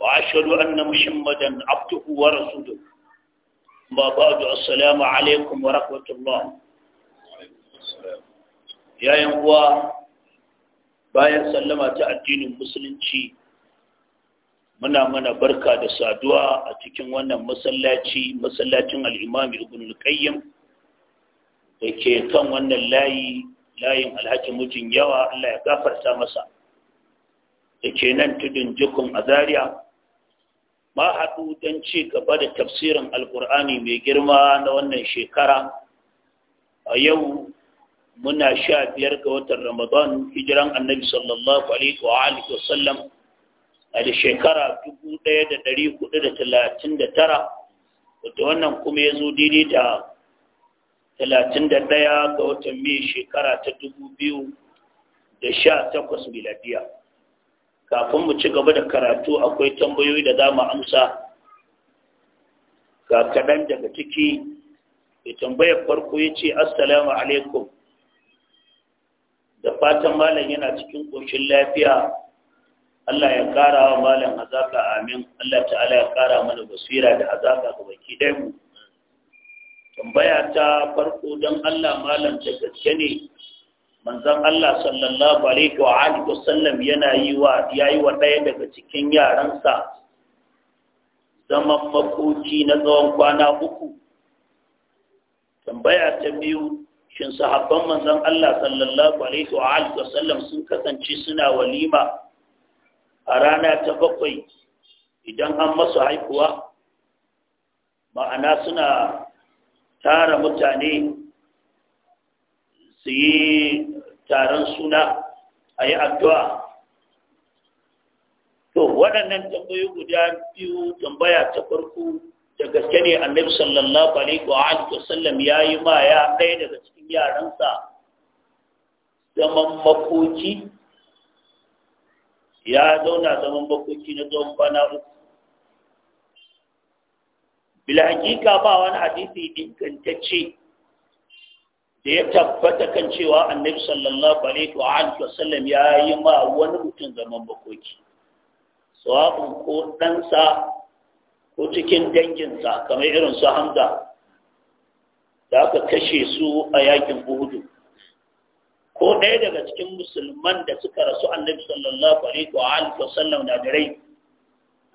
وأشهد أن محمدا عبده ورسوله ما بعد السلام عليكم ورحمة الله يا ينوى bayan sallama ta addinin musulunci muna mana barka da saduwa a cikin wannan masallaci masallacin al'imam ibn al-qayyim da ke kan wannan layi layin alhaji mujin yawa Allah ya gafarta masa da ke nan tudun jikun a zaria ma haɗu don ci gaba da tafsirin alkur'ani mai girma na wannan shekara a yau muna sha biyar ga watan ramadan hijiran annabi sallallahu alaihi wa alihi wa sallam a da shekara 1439 wato wannan kuma ya zo daidai da 31 ga watan mai shekara ta 2018 miladiya kafin mu ci gaba da karatu akwai tambayoyi da za mu amsa ga kaɗan daga ciki ya tambayar farko ya ce assalamu alaikum da fatan malam yana cikin ƙoshin lafiya Allah ya ƙara wa malam hazaƙa amin Allah ta'ala ya ƙara mana basira da hazaƙa ga baki mu tambaya ta farko don Allah malam da gaske ne manzon Allah sallallahu alaihi wa alihi wasallam yana yi wa yayi wa ɗaya daga cikin yaransa zaman makoci na tsawon kwana uku tambaya ta biyu shin sahabban manzon Allah sallallahu alaihi wa alihi wasallam sun kasance suna walima a rana ta bakwai idan an masu haihuwa ma'ana suna tara mutane su yi taron suna a yi addu'a to waɗannan tambayoyi guda biyu tambaya ta farko da gaske ne annabi sallallahu alaihi wa alihi wasallam ya yi ma ya ɗaya daga cikin yaransa zaman makoki ya zauna zaman makoki na zaman bana uku bilhakika ba wani hadisi ingantacce da ya tabbata kan cewa annabi sallallahu alaihi wa alihi sallam ya yi ma wani mutum zaman bakoki sawabun ko ɗansa ko cikin danginsa kamar irin su hamza da aka kashe su a yakin buhudu ko ɗaya daga cikin musulman da suka rasu annabi sallallahu alaihi wa alihi wasallam na da rai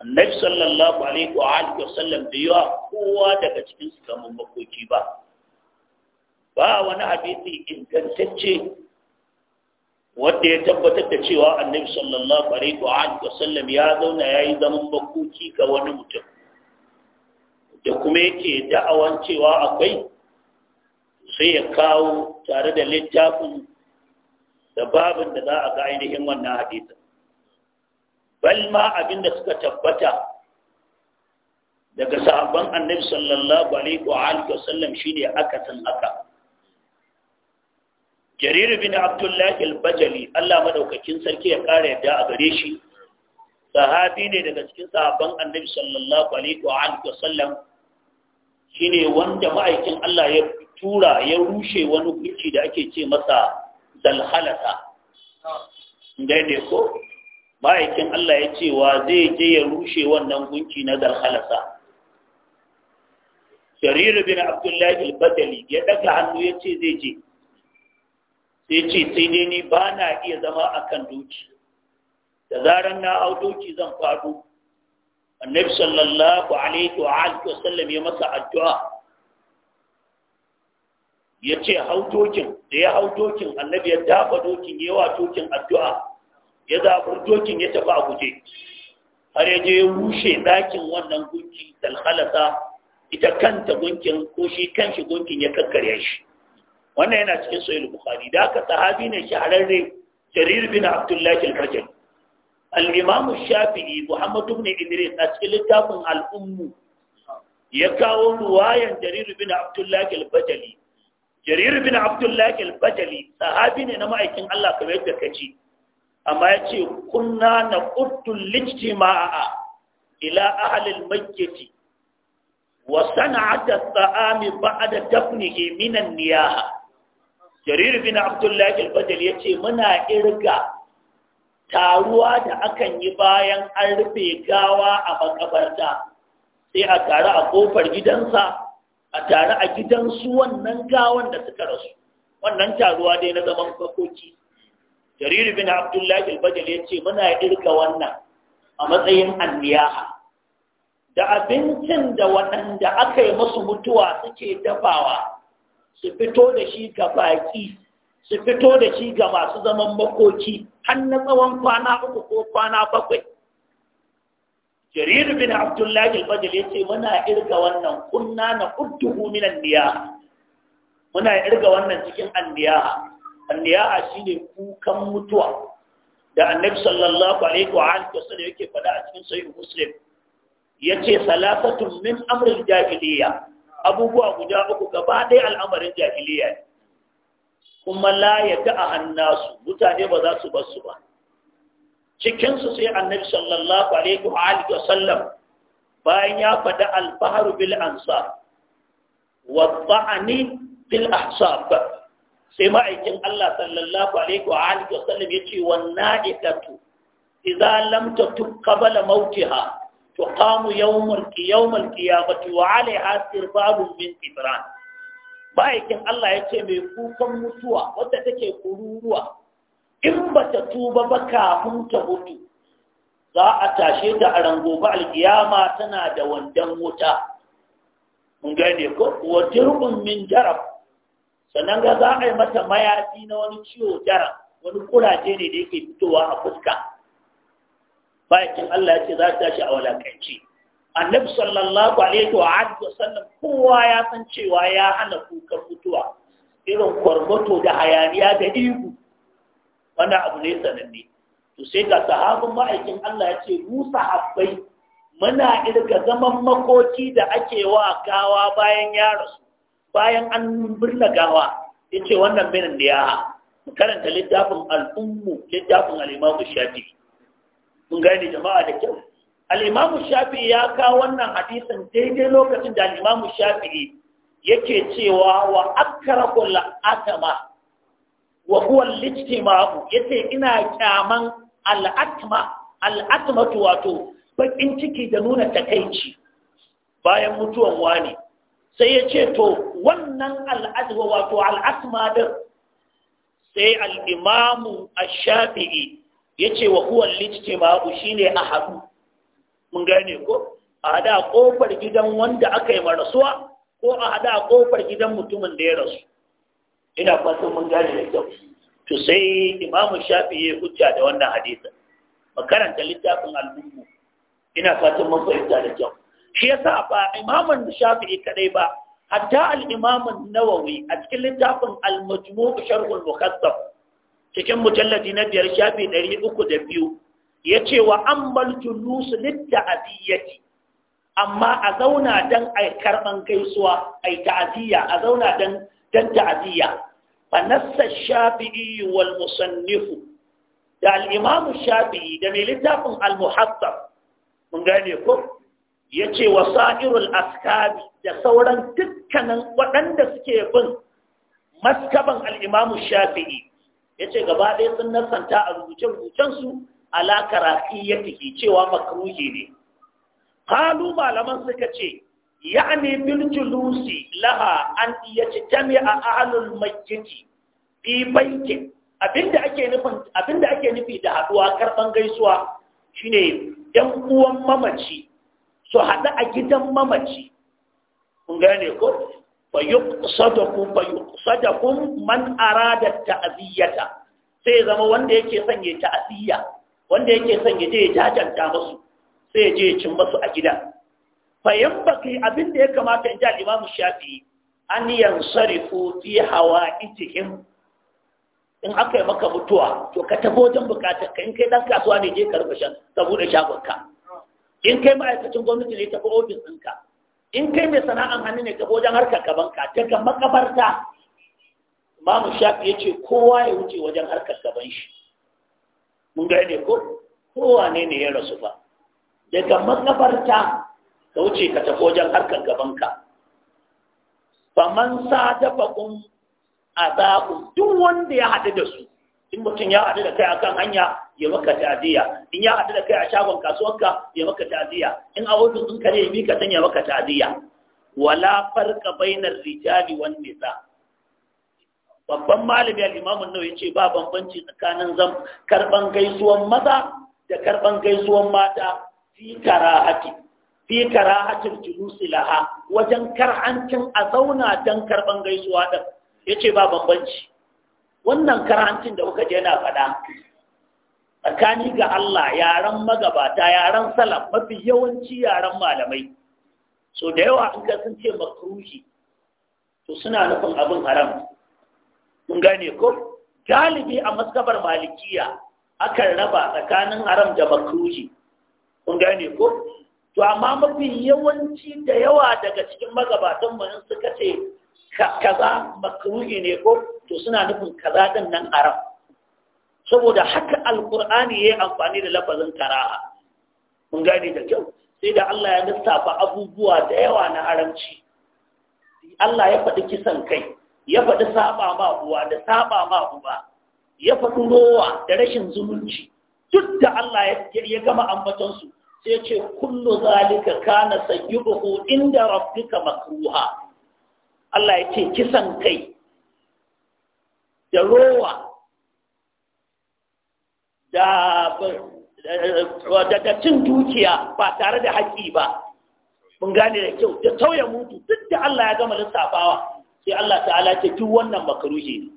annabi sallallahu alaihi wa alihi wasallam bai yi kowa daga cikin su zaman bakoki ba ba wani hadisi ingantacce wanda ya tabbatar da cewa annabi sallallahu alaihi wa sallam ya zauna ya yi zaman bakuci ga wani mutum da kuma yake da'awan cewa akwai sai ya kawo tare da littafin da babin da za a ga ainihin wannan hadisi bal ma abin da suka tabbata daga sahabban annabi sallallahu alaihi wa sallam shine akasin aka jarir bin abdullahi al-bajali Allah madaukakin sarki ya kare yadda a gare shi sahabi ne daga cikin sahabban annabi sallallahu alaihi wa alihi wa sallam shine wanda ma'aikin Allah ya tura ya rushe wani gunki da ake ce masa dalhalata dai ne ko ma'aikin Allah ya ce wa zai je ya rushe wannan gunki na dalhalata jarir bin abdullahi al bajali ya daga hannu ya ce zai je sai ce sai dai ni ba na iya zama a kan doki da zarar na hau doki zan faɗo annabi sallallahu alaihi wa sallam ya masa addu'a ya ce hau dokin da ya hau dokin annabi ya dafa dokin ya wa dokin addu'a ya zaɓar dokin ya tafi a guje har ya je ya rushe ɗakin wannan gunki dalhalasa ita kanta gunkin ko shi kanshi gunkin ya kakkarya shi wannan yana cikin sahih bukhari da aka sahabi ne shahararre jarir bin abdullahi al-bajali al-imam shafi'i muhammad ibn idris a cikin littafin al-ummu ya kawo ruwayan jarir bin abdullahi al-bajali jarir bin abdullahi al-bajali sahabi ne na ma'aikin Allah kamar yadda kace amma ya ce kunna na ƙuttun lijtima'a ila ahalil makketi wa sana'ata tsa'ami ba'ada dafnihi minan niyaha jarir bin abdullahi al-bajal ya ce muna irga taruwa da akan yi bayan an rufe gawa a makabarta sai a tare a kofar gidansa a tare a gidansu wannan gawan da suka rasu wannan taruwa dai na zaman kwakoki jarir bin abdullahi al badal ya ce muna irga wannan a matsayin anniyaha da abincin da waɗanda aka yi masu mutuwa suke dafawa su fito da shi ga baƙi su fito da shi ga masu zaman makoki har na tsawon kwana uku ko kwana bakwai jarir bin abdullahi al-bajal ya ce muna irga wannan kunna na udduhu min anniya muna irga wannan cikin anniya anniya shine kukan mutuwa da annabi sallallahu alaihi wa alihi wasallam yake faɗa a cikin sahih muslim yace salatatun min amril jahiliya abubuwa guda uku gaba ɗaya al'amarin jahiliya ne kuma la ya ta'ahan hannasu mutane ba za su bar su ba cikinsu sai annabi sallallahu alaihi wa alihi wasallam bayan ya faɗa alfaharu bil ansar wa ta'ani bil ahsab sai ma'aikin Allah sallallahu alaihi wa alihi wasallam yace wan na'ikatu idza lam tatub qabla mautiha tuqamu yawmul qiyamul qiyamati wa alaiha sirbabun min qitran bayakin Allah yace mai kukan mutuwa wadda take kururuwa in bata tuba ba kafin ta mutu za a tashe ta a ran gobe alkiyama tana da wandan wuta mun gane ko wa jarab sannan ga za a yi mata mayafi na wani ciwo jarab wani kuraje ne da yake fitowa a fuska bakin Allah ya ce za ta tashi a walakanci annabi sallallahu alaihi wa alihi wasallam kowa ya san cewa ya hana kukan mutuwa irin kwarmato da hayaniya da ihu wanda abu ne sananne to sai ga sahabin ma'aikin Allah ya ce mu sahabbai muna irga zaman makoki da ake wa gawa bayan ya rasu bayan an birna gawa ya ce wannan binin da ya karanta littafin al'ummu littafin al'imamu imamu mun gane jama'a da kyau al'imamu shafi'i ya kawo wannan hadisin daidai lokacin da al'imamu shafi'i yake cewa wa akara kula atama wa huwa ma'abu ya yace ina kyaman al'atama al'atama wato bakin ciki da nuna takaici bayan mutuwan wani sai ya ce to wannan al'atama wato al'atama din sai al'imamu a shafi'i Ya ce wa huwa al shi ne a haɗu mun gane ko a haɗa a ƙofar gidan wanda aka yi rasuwa ko a haɗa a ƙofar gidan mutumin da ya rasu ina fatan mun gane da kyau to sai imamu shafi ya hujja da wannan hadisin makaranta littafin al'ummu ina fatan mun fahimta da kyau shi yasa ba imamun shafi'i kadai ba hatta al'imamun nawawi a cikin littafin al majmuu Sharhul al cikin mujalladi na biyar shafi ɗari uku da biyu ya ce wa an maljulusu litta'aziyyati amma a zauna don a karɓan gaisuwa a ta'aziyya a zauna don ta'aziyya fa nassa shafi'i wal musannifu da al'imamu shafi'i da mai littafin al-muhattab mun gane ko ya ce wa sa'irul askabi da sauran dukkanin waɗanda suke bin maskaban al'imamu shafi'i ya ce gaba ɗaya sun nasanta a rubuce-rubucensu ala karahiyyati ke cewa makaruhi ne kalu malaman suka ce ya'ani bil julusi laha an iya a ahlul a bi baiti abinda ake abinda ake nufi da haɗuwa, karɓar gaisuwa shine yan uwan mamaci su haɗu a gidan mamaci kun gane ko fayuqsadakum man arada ta'ziyata sai zama wanda yake sanye ta'ziya wanda yake sanye ya je ya jajanta musu sai je cin musu a gida fayyambaki abin da ya kamata in al-imam shafi an yansarifu fi hawa in aka maka mutuwa to ka tafi wajen bukatar ka in kai dan kasuwa ne je ka shan saboda shagonka in kai ma'aikacin gwamnati ne tafi ofis ɗinka in kai mai sana'an hannu ne ka wajen harkar ka ta ga makabarta mamu shafi ya ce kowa ya wuce wajen harkar gaban shi mun ne ko kowa ne ne ya rasu ba daga makabarta ka wuce ka tafi wajen harkar gabanka a sadafakun ku. duk wanda ya haɗu da su in mutum ya haɗu da kai akan hanya ya maka ta'aziyya in ya haɗu da kai a shagon kasuwanka ya maka ta'aziya. in a wajen sun kare bi ka san ya maka ta'aziya? wala farka bainar rijali wan nisa babban malami al-imamu nau yace ba bambanci tsakanin zam karban gaisuwan maza da karban gaisuwan mata fi karahati fi karahatil julusi laha wajen karhancin a zauna dan karban gaisuwa din yace ba bambanci wannan karhancin da kuka je na faɗa tsakani ga Allah yaran magabata yaran salaf mafi yawanci yaran malamai so da yawa in ka sun ce makruhi to suna nufin abin haram mun gane ko galibi a maskabar malikiya akan raba tsakanin haram da makruhi mun gane ko to amma mafi yawanci da yawa daga cikin magabatan mu suka ce kaza makruhi ne ko to suna nufin kaza din nan haram saboda haka alkur'ani ya yi amfani da lafazin karaha mun gane da kyau sai da Allah ya lissafa abubuwa da yawa na haramci Allah ya faɗi kisan kai ya faɗi saba ma uwa da saba ma uba ya faɗi rowa da rashin zumunci duk da Allah ya gama ambatonsu sai ce kullu zalika kana sayyuhu inda rabbika makruha Allah ya ce kisan kai da rowa da cin dukiya ba tare da haƙi ba mun gane da kyau da tauye mutu duk da Allah ya gama lissafawa sai Allah ta'ala ce duk wannan makaruhi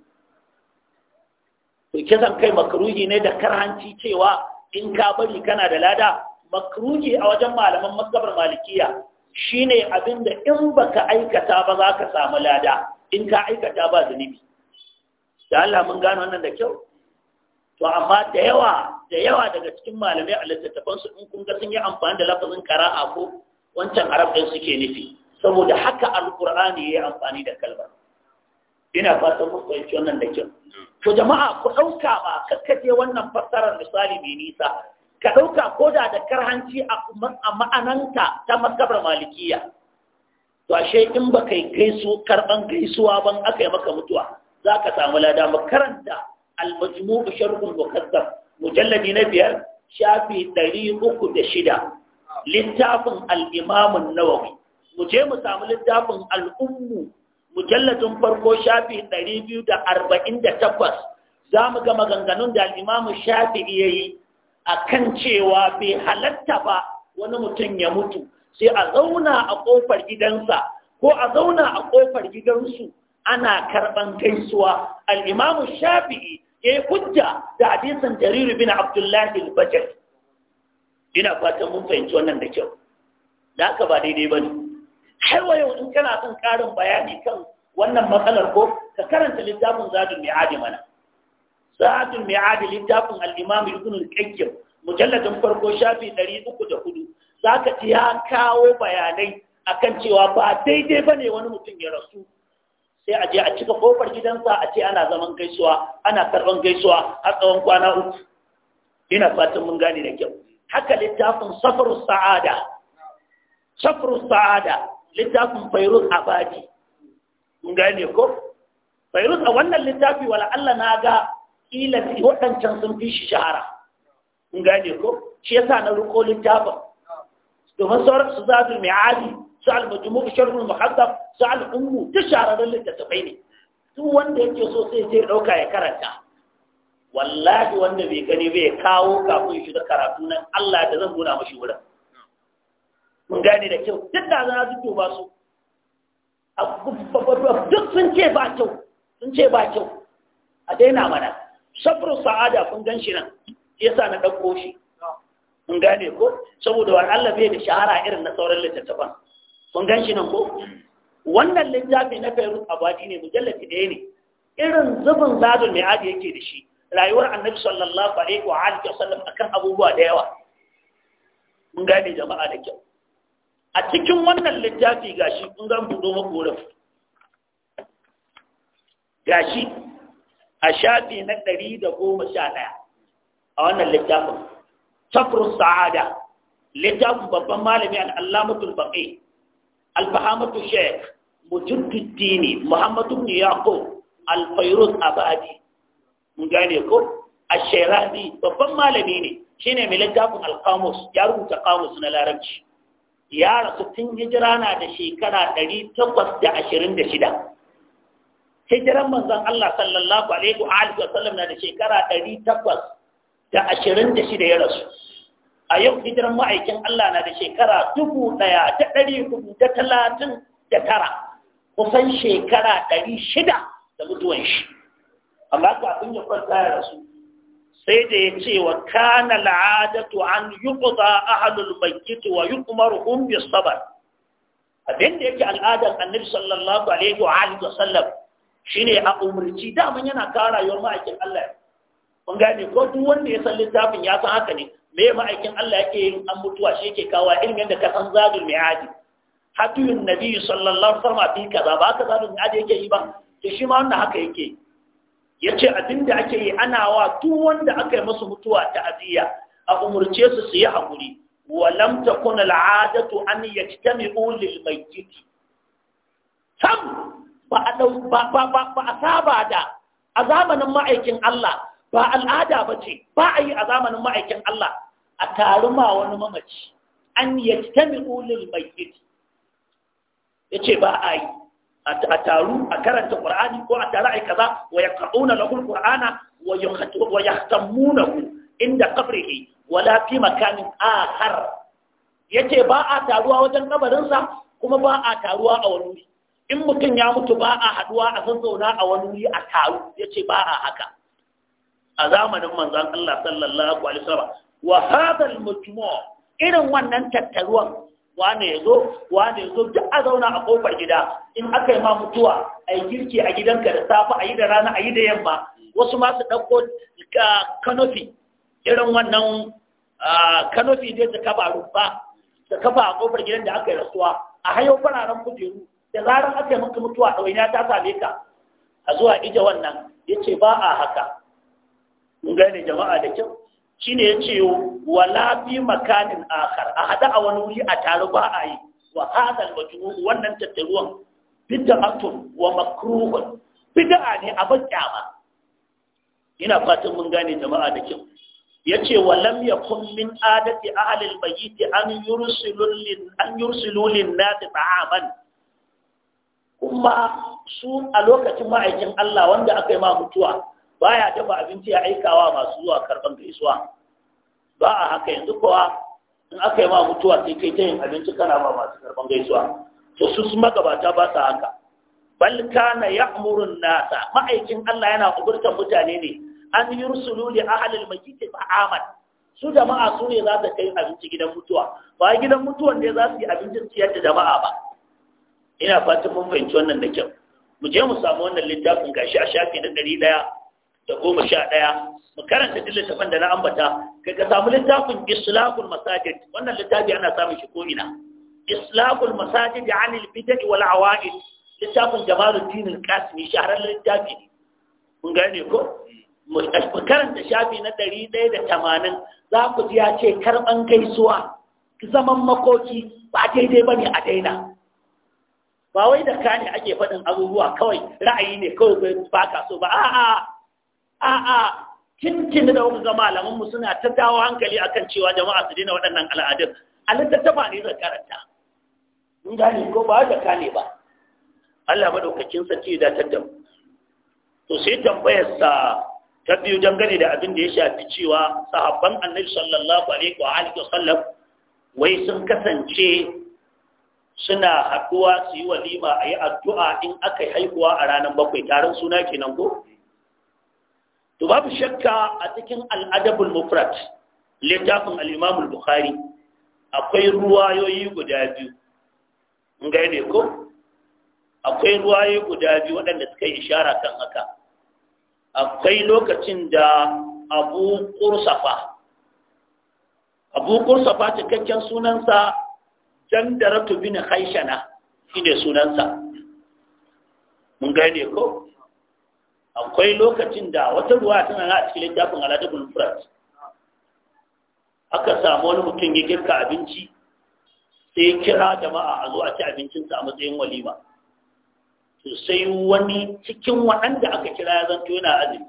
ne kisan kai makaruhi ne da karhanci cewa in ka bari kana da lada makaruhi a wajen malaman masabar malikiya shine abin da in baka aikata ba za ka samu lada in ka aikata ba zunubi da Allah mun gane wannan da kyau to amma da yawa da yawa daga cikin malamai a littattafan su in kun ga sun yi amfani da lafazin qira'a ko wancan arab din suke nufi saboda haka alqur'ani yayi amfani da kalmar ina fatan mun fahimci wannan da kyau to jama'a ku dauka ba kakkaje wannan fassarar misali mai nisa ka dauka ko da da karhanci a ma'ananta ta maskabar malikiya to ashe in ba kai gaisu karban gaisuwa ban aka yi maka mutuwa za ka samu lada karanta al-majmu' sharh al-muqaddam mujalladi na biyar shafi 306 da shida. Littafin an nawa? mu je mu samu littafin al'ummu, ummu mujalladin farko shafi ɗari da 248 za mu ga maganganun da al'imamu shafi'i ya Akan cewa bai halatta ba wani mutum ya mutu sai a zauna a ƙofar gidansa ko a zauna a ƙofar gidansu ana karɓan gaisuwa al'imamu shafi'i ya hujja da hadisin jariru bin abdullahi al-bajal ina fatan mun fahimci wannan da kyau da aka ba daidai ba ne har wa yau in kana son karin bayani kan wannan matsalar ko ka karanta littafin zadun mi'adi mana zadun mi'adi littafin al-imam ibn al-qayyim mujalladin farko shafi 304 zaka ji ya kawo bayanai akan cewa ba daidai bane wani mutum ya rasu sai a je a cika kofar gidansa a ce ana zaman gaisuwa ana karban gaisuwa a tsawon kwana uku ina fatan mun gane da kyau haka littafin safarus sa'ada safarus sa'ada littafin fairuz abadi mun gane ko fairuz a wannan littafi wala Allah na ga kila waɗancan sun fi shi shahara mun gane ko shi yasa na ruko littafin domin sauran su mai adi sa’al al-majmu' sharhul muhaddab sa’al al-ummu ta shahararren littattafai ne Tun wanda yake so sai zai dauka ya karanta wallahi wanda bai gani bai kawo kafin shi da karatu nan Allah da zan gona mashi wurin mun gane da kyau duk da za su ba su duk sun ce ba kyau sun ce ba kyau a daina mana sabru sa'ada kun gan shi nan yasa na ɗauko shi mun gane ko saboda wani Allah bai da shahara irin na sauran littattafan mun gan shi nan ko wannan littafi na fairuz abadi ne mujallati ɗaya ne irin zubin zadul mai adi yake da shi rayuwar annabi sallallahu alaihi wa alihi sallam akan abubuwa da yawa mun gane jama'a da kyau a cikin wannan littafi gashi kun zan buɗo muku wurin gashi a shafi na ɗari da goma sha ɗaya a wannan littafin safrun sa'ada littafin babban malami al'allamatul baƙi alfahamatu sheikh mujaddiddini Muhammadu ibn yaqub alfairuz abadi mun gane ko ashirazi babban malami ne shine mai littafin alqamus ya rubuta qamus na larabci ya rasu tun hijira na da shekara 826 hijiran manzon Allah sallallahu alaihi wa alihi sallam na da shekara 826 ya rasu a yau hijiran ma'aikin Allah na da shekara dubu ɗaya da ɗari hudu da talatin da tara kusan shekara ɗari shida da mutuwan shi amma abin ya kwanta ya rasu sai da ya ce wa kana al'adatu an a ahlul bankitu wa kuma Ruhun sabr abin da yake al'adar annabi sallallahu alaihi wa alihi shi shine a umarci daman yana kawo rayuwar ma'aikin Allah kun gane ko duk wanda ya san littafin ya san haka ne me ma'aikin Allah yake yin an mutuwa shi yake kawo irin yadda ka san zadul mi'adi hatuyun nabi sallallahu alaihi wasallam fi kaza ba ka zadul mi'adi yake yi ba to shi ma wannan haka yake yace abinda ake yi ana wa duk wanda aka yi musu mutuwa ta aziya a umurce su su yi hakuri wa lam takun al'adatu an yajtami'u lil mayyit sam ba a ba ba ba a saba da a zamanin ma'aikin Allah ba al'ada ba ce ba a yi a zamanin ma'aikin Allah a taru ma wani mamaci an yi ta mi'ulil bayyid ya ce ba a yi a taru a karanta ƙur'ani ko a taru a yi kaza wa ya ƙa'una lahul ƙur'ana wa ya na tammunahu inda kabrihi wala fi makamin akhar ya ce ba a taruwa wajen kabarinsa kuma ba a taruwa a wani wuri in mutum ya mutu ba a haduwa a zazzauna a wani wuri a taru ya ce ba a haka a zamanin manzan Allah sallallahu alaihi wasallam wa hada al irin wannan tattaruwan wane ya zo wane ya zo duk a zauna a kofar gida in aka yi ma mutuwa a yi girki a gidanka da safe a yi da rana a yi da yamma wasu ma su dauko kanofi irin wannan kanofi dai ta kafa rumfa ta kafa a kofar gidan da aka yi rasuwa a hayo fararen kujeru da zarar aka yi maka mutuwa waina ta same ka a zuwa ije wannan ya ce ba a haka mun gane jama'a da kyau shine ya ce wala fi makanin akhar a hada a wani wuri a tare ba a yi wa hadal majmu wannan tattaruwan bid'atun wa makruhun bid'a ne a ba ina fatan mun gane jama'a da kyau yace walam yakun min adati ahli albayt an yursilu lin an yursilu lin da ta'aman kuma su a lokacin ma'aikin Allah wanda aka yi ma mutuwa baya dafa abinci ya aikawa masu zuwa karban gaisuwa ba a haka yanzu kowa in aka yi ma mutuwa sai kai ta yin abinci kana ba masu karban gaisuwa to su su magabata ba sa haka bal kana ya'murun nasa ma'aikin Allah yana umurtar mutane ne an yursulu li ahli al-masjid fa'aman su jama'a su ne za ta kai abinci gidan mutuwa ba gidan mutuwan ne za su yi abincin ciyar da jama'a ba ina fatan mun fahimci wannan da kyau mu je mu samu wannan littafin gashi a shafi na ɗari ɗaya da goma sha ɗaya mu karanta duk littafin da na ambata kai ka samu littafin islahul masajid wannan littafi ana samun shi ina islahul masajid an bidat wal awa'id littafin jamaluddin alqasimi shahararren littafi Mun gane ko mu karanta shafi na ɗari ɗaya da tamanin za ku ji ya ce karɓan gaisuwa zaman makoki ba daidai ba ne a daina ba wai da kane ake faɗin abubuwa kawai ra'ayi ne kawai ba ka so ba a'a a'a tintin da kuka ga malaman mu suna ta dawo hankali akan cewa jama'a su daina waɗannan al'adun a littattafa ne zai karanta mun gane ko ba da kane ba Allah madaukakin sarki da ta dam to sai tambayar sa ta biyu dangane da abin da ya shafi cewa sahabban annabi sallallahu alaihi wa alihi sallam wai sun kasance suna haɗuwa su yi walima a yi addu'a in aka haihuwa a ranar bakwai taron suna kenan ko to babu shakka a cikin al'adabul mufrad littafin al-imam al-bukhari akwai ruwayoyi guda biyu ga gane ko akwai ruwayoyi guda biyu waɗanda suka yi ishara kan haka akwai lokacin da abu kursafa abu kursafa cikakken sunansa jandaratu bin haishana shine sunansa mun gane ko akwai lokacin da wata ruwa tana na a cikin littafin aladabul furat aka samu wani mutum ya girka abinci sai ya kira jama'a a zo a ci abincinsa a matsayin walima sai wani cikin waɗanda aka kira ya zanto yana azumi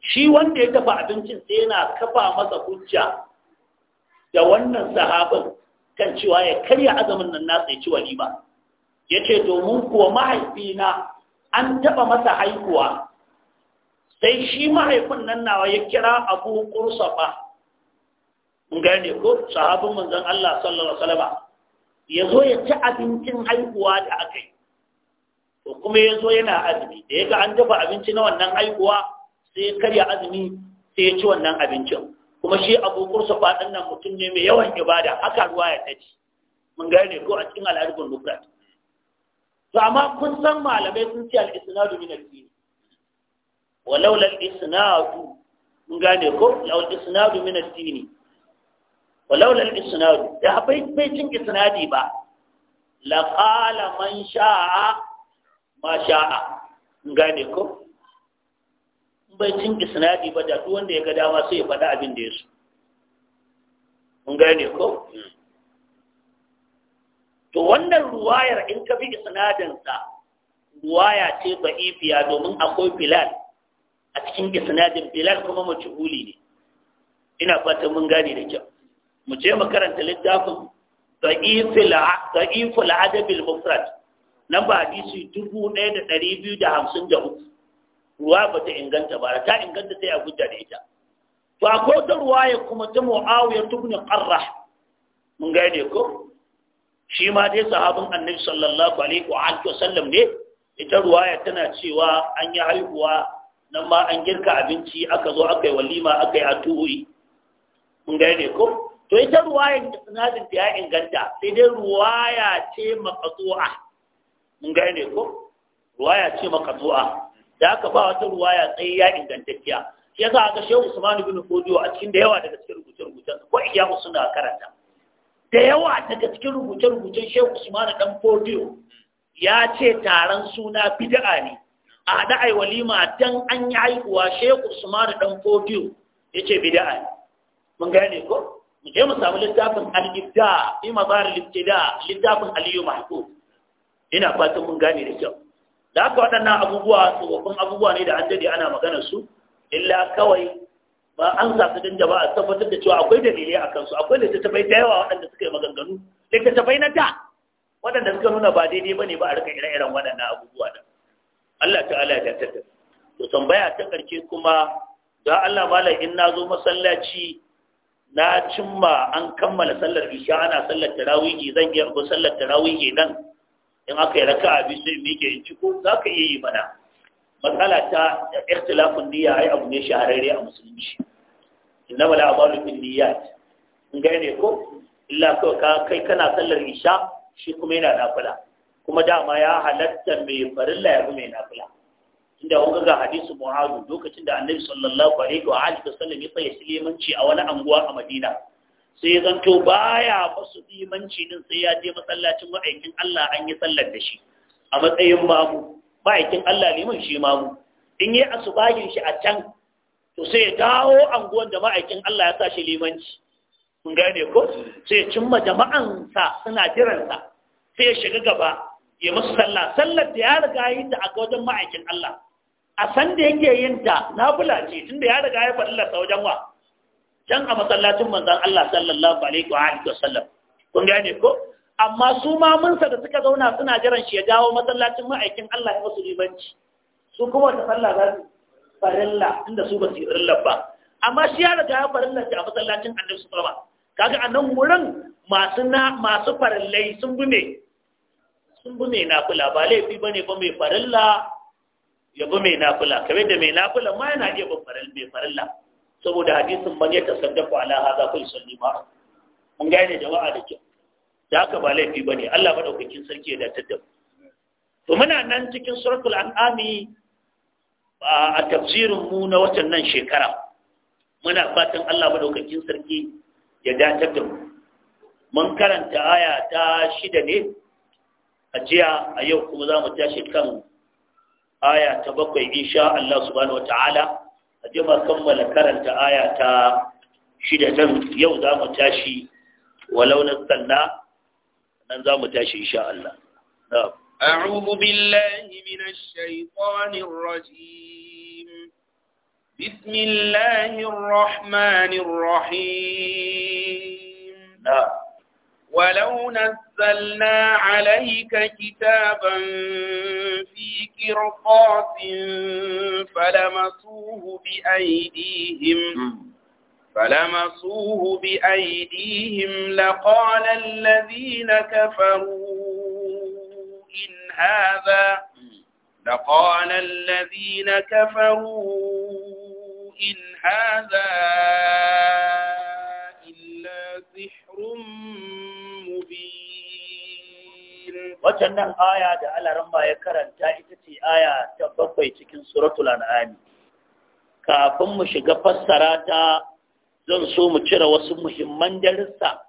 shi wanda ya dafa abincin sai yana kafa masa hujja da wannan sahabin kan cewa ya karya azumin nan na ya ci walima ya ce domin kuwa mahaifina an taɓa masa haihuwa sai shi mahaifin nan nawa ya kira abu kursafa gane ko sahabin manzan Allah sallallahu alaihi ya zo ya ci abincin haihuwa da aka yi to kuma ya zo yana azumi da ya ga an dafa abinci na wannan haihuwa sai ya karya azumi sai ya ci wannan abincin kuma shi abu kursa ɗan nan mutum ne mai yawan ibada haka ruwa ya taji mun gane ko a cikin al'adun mufrat to amma kun san malamai sun ce al-isnadu min al-din walau lal isnadu mun gane ko lal isnadu min al-din walau lal isnadu da bai bai cin isnadi ba la qala man sha'a ma sha'a mun gane ko bai cin isnadi ba da duk wanda ya ga dama sai ya faɗa abin da ya so mun gane ko hmm. to wannan ruwayar in ka bi isnadinsa ruwaya ce da'ifiya domin akwai filal a cikin isnadin filal kuma majhuli ne ina fatan mun gane da kyau mu je mu karanta littafin da'iful al mufrad nan ba hadisi 1253 ruwa ba ta inganta ba ta inganta sai a gudda da ita to akwai ruwaya kuma ta muawiya ibn qarrah mun gane ko shi ma dai sahabin annabi sallallahu alaihi wa alihi wasallam ne ita ruwaya tana cewa an yi haihuwa nan ma an girka abinci aka zo aka yi walima aka yi atuhi kun ne ko to ita ruwayan sanadin ta ya inganta sai dai ruwaya ce maqtu'a mun ne ko ruwaya ce maqtu'a da aka ba wata ruwaya sai ya inganta shi yasa aka shehu Usman ibn Fodiyo a cikin da yawa daga cikin rubuce-rubucen ko iya suna karanta da yawa daga cikin rubuce-rubucen shehu usman dan fodiyo ya ce taron suna bid'a ne a haɗa ai walima dan an yi haihuwa shehu usman dan fodiyo ya ce bid'a ne mun gane ko mu je mu samu littafin al-ibda fi mazar al-ibtida littafin aliyu mahfuz ina fatan mun gane da kyau da haka waɗannan abubuwa tsofaffin abubuwa ne da an dade ana magana su illa kawai ba an sa su jama'a tabbatar da cewa akwai dalilai a kansu akwai littattafai da yawa waɗanda suka yi maganganu littattafai na da waɗanda suka nuna ba daidai ba ne ba a rika ire-iren waɗannan abubuwa da Allah ta'ala ya tattar to tambaya ta ƙarshe kuma da Allah malam in na zo masallaci na cimma an kammala sallar isha ana sallar tarawihi zan yi abu sallar tarawihi nan in aka yi raka bisu in mike in ci ko za ka iya yi mana matsala ta ikhtilafin niyya ai abu ne shahararre a musulunci inna wala amalu bin niyyat in gane ko illa ko ka kai kana sallar isha shi kuma yana nafila kuma dama ya halatta mai farilla ya mai nafila inda kun ga hadisi muhadu lokacin da annabi sallallahu alaihi wa alihi wasallam ya tsaya limanci a wani anguwa a madina sai ya zanto baya basu imanci din sai ya je masallacin ma'aikin Allah an yi sallar da shi a matsayin mamu ma'aikin Allah liman shi mamu in yi asubahin shi a can to sai ya dawo anguwan da ma'aikin Allah ya sa shi limanci mun gane ko sai ya cimma jama'ansa suna jiransa sai ya shiga gaba ya musu sallah sallar da ya riga yi ta a wajen ma'aikin Allah a san da yake yin ta na bula ce tunda ya riga ya faɗi lasa wajen wa can a masallacin manzon Allah sallallahu alaihi wa alihi wasallam kun gane ko amma su ma munsa da suka zauna suna jiran shi ya dawo masallacin ma'aikin Allah ya musu limanci su kuma wata sallah za su farilla inda su ba su yi farilla ba amma shi ya riga ya farilla ta a masallacin annabi su sallama kaga a nan wurin masu na masu farillai sun bi me sun bi me nafila ba laifi bane ba mai farilla ya bi mai nafila kamar da mai nafila ma yana iya bin farilla mai farilla saboda hadisin ban ya tasaddaku ala hadha kullu sallima mun gane jama'a da kyau da haka ba laifi bane Allah madaukakin sarki ya datar da mu to muna nan cikin suratul an'ami a tafsirin mu na watan nan shekara muna fatan Allah madaukakin sarki ya datar da mu mun karanta aya ta shida ne a jiya a yau kuma za mu tashi kan aya ta bakwai insha Allah subhanahu ta'ala. a je kammala karanta aya ta shida nan yau za mu tashi walau na nan za mu tashi insha Allah na'am أعوذ بالله من الشيطان الرجيم بسم الله الرحمن الرحيم نعم. ولو نزلنا عليك كتابا في كرقات فلمسوه بأيديهم فلمسوه بأيديهم لقال الذين كفروا هذا لقال الذين كفروا إن هذا إلا سحر مبين وجنن آية على رمى يكرن تائتتي آية تبقي تكن سورة الأنعام kafin mu shiga fassara ta zan so mu cire wasu muhimman darussa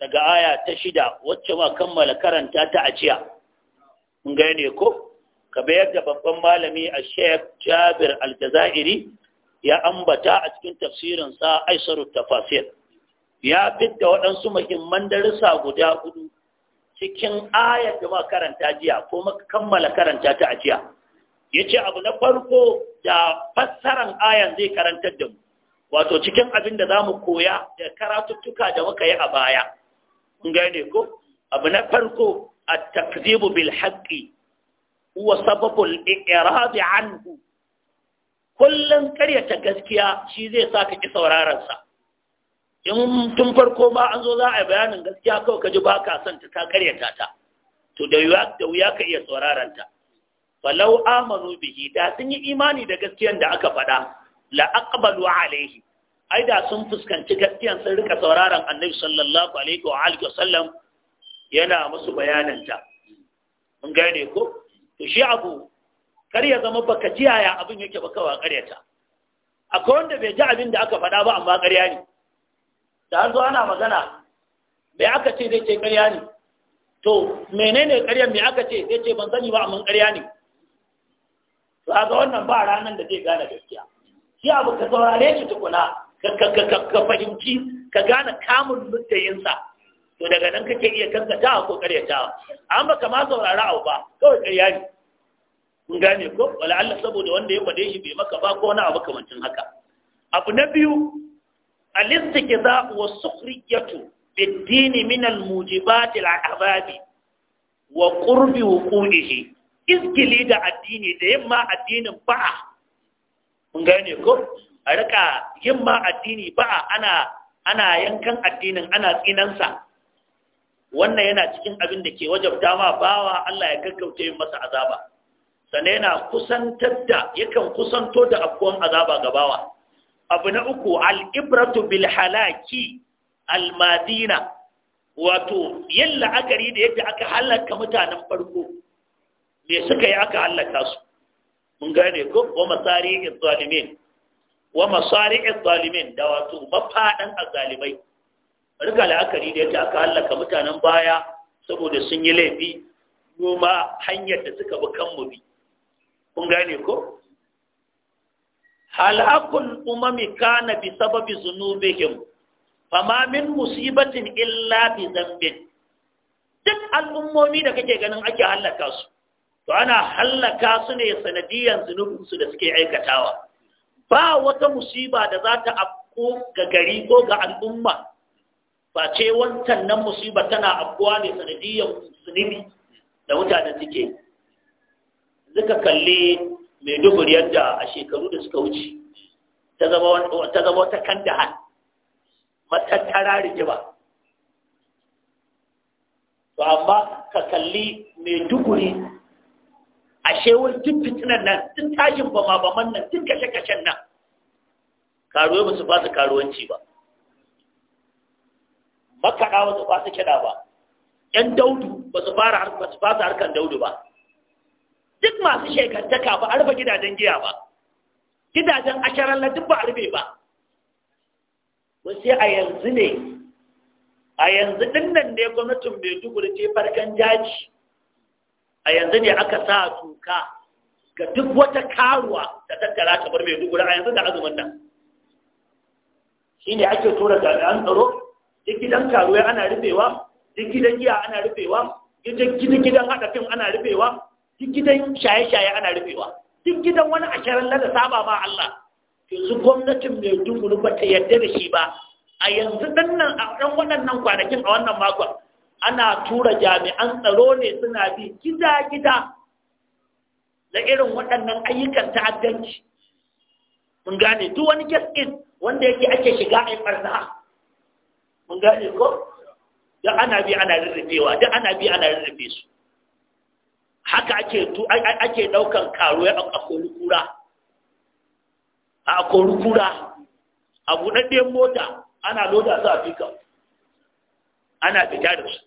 daga aya ta shida wacce ma kammala karanta ta a jiya mun gane ko kabe yadda babban malami a Sheikh Jabir Al-Jazairi ya ambata a cikin tafsirin sa Aisharu Tafasir ya fitta waɗansu muhimman darussa guda hudu cikin ayar da ma karanta jiya ko muka kammala karanta ta a jiya yace abu na farko da fassaran ayan zai karantar da mu wato cikin abin da zamu koya da karatuttuka da muka yi a baya mun gane ko abu na farko A التكذيب بالحق هو سبب الإعراض عنه كل كرية تكذكيا شي زي ساكا كسورارنسا in tun farko ma an zo za a yi bayanin gaskiya kawai ka ji ba ka son ta karyata ta to da wuya ka iya sauraron ta falau amanu bihi da sun yi imani da gaskiyan da aka faɗa la aqbalu alaihi ai da sun fuskanci gaskiyan sun rika sauraron annabi sallallahu alaihi wa alihi yana musu bayananta mun gane ko to shi abu kar ya zama baka ji yaya abin yake baka wa karyata. akwai wanda bai ji abin da aka faɗa ba amma ƙarya ne da an zo ana magana bai aka ce zai ce ƙarya ne to menene ƙaryar me aka ce zai ce ban sani ba amma ƙarya ne to a ga wannan ba ranar da zai gane gaskiya shi abu ka saurare shi tukuna ka fahimci ka gane kamun muttayinsa to daga nan kake iya kankata ko karyatawa an ba kama saurara au ba kawai karya ne kun gane ko wala Allah saboda wanda ya fade shi bai maka ba ko wani abu kamancin haka abu na biyu al-istikza wa sukhriyatu bid-din min al-mujibat al-ahbab wa qurbi wuqu'ihi iskili da addini da yamma addinin ba'a kun gane ko a rika yamma addini ba'a ana ana yankan addinin ana tsinansa wannan yana cikin abin da ke wajabta ma bawa Allah ya gaggauta yin masa azaba sannan yana kusantar da yakan kusanto da afkuwan azaba ga bawa abu na uku al'ibratu bil halaki wato yin la'akari da yadda aka halaka mutanen farko me suka yi aka halaka su mun gane ko wa masari zalimin wa zalimin da wato mafadan azalimai rika la'akari da yadda aka hallaka mutanen baya saboda sun yi laifi noma hanyar da suka bi kanmu bi kun gane ko halakun umami kana bi sababi zunubihim fama min musibatin illa bi zambin duk al'ummomi da kake ganin ake hallaka su to ana hallaka su ne sanadiyan zunubinsu da suke aikatawa ba wata musiba da za ta afko ga gari ko ga al'umma face wancan nan Musiba tana afkuwa ne sanadiyar musulmi da mutanen suke suka kalli mai dubur yadda a shekaru da suka wuce ta zama wata kan hannu matattara rigima Ba amma ka kalli mai maiduguri a shewar duk fitinan nan duk tashin bama baman nan tun kashe-kashen nan karuwa ba su fasa karuwanci ba makaɗa wasu ba su kiɗa ba ‘yan daudu ba su fara fasa harkan daudu ba duk masu shekantaka ba a rufe gidajen giya ba gidajen na duk ba a rufe ba wasu a yanzu ne a yanzu nan ne gwamnatin maiduguri ce farkon jaji a yanzu ne aka sa tuka ga duk wata karuwa da tattara ta bar maiduguri a yanzu da azumin nan shi ne ake tura jami'an tsaro gidan karuwa ana rufewa duk gidan giya ana rufewa duk gidan haɗa fim ana rufewa duk gidan shaye-shaye ana rufewa duk gidan wani ashirin da saba ma Allah yanzu gwamnatin mai dubu ba ta yarda da shi ba a yanzu ɗan nan a ɗan waɗannan kwanakin a wannan makon ana tura jami'an tsaro ne suna bi gida-gida da irin waɗannan ayyukan ta'addanci mun gane duk wani kes wanda yake ake shiga a yi mun gane ko da ana bi ana rurrufewa da ana bi ana rurrufe su haka ake tu ake daukan karuwa a kori kura a kori kura a buɗaɗɗen mota ana loda su a fika ana fita da su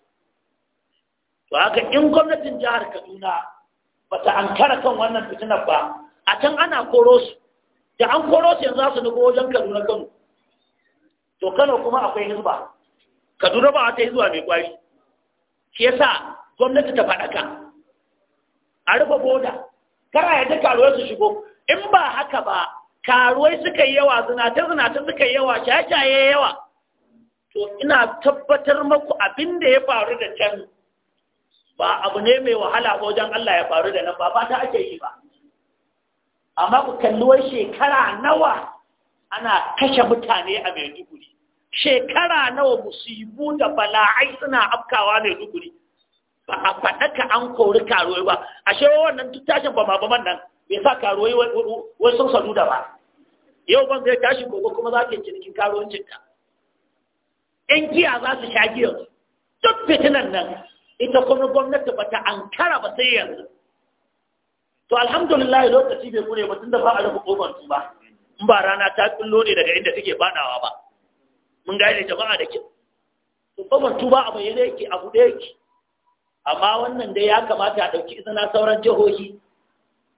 to haka in gwamnatin jihar kaduna ba ta ankara kan wannan fitinar ba a can ana koro su da an koro su yanzu za su nufo wajen kaduna kano to Kano kuma akwai hizba Kaduna ba ta hizba mai kwari shi yasa gwamnati ta faɗaka a rufe boda kana yadda karuwai su shigo in ba haka ba karuwai suka yi yawa zinatar zinatar suka yi yawa shashaye yawa to ina tabbatar maku abin da ya faru da can ba abu ne mai wahala ba wajen Allah ya faru da nan ba ba ta ake yi ba amma ku kalluwar shekara nawa ana kashe mutane a Maiduguri shekara nawa musibu da bala'ai suna afkawa mai duguri ba a faɗaka an kori karuwai ba ashe wannan tashin ba nan bai sa karuwai wai sun sadu da ba yau ban zai tashi gobe kuma za ka yi cinikin karuwancin ka giya za su sha giyar duk fitinan nan ita kuma gwamnati ba ta ankara ba sai yanzu to alhamdulillah lokaci bai kure ba tun da ba a rufe kofar ba in ba rana ta kullo ne daga inda take badawa ba mun gane jama'a da ke. to kofar tuba a bayyane yake a buɗe yake amma wannan dai ya kamata a ɗauki izina sauran jihohi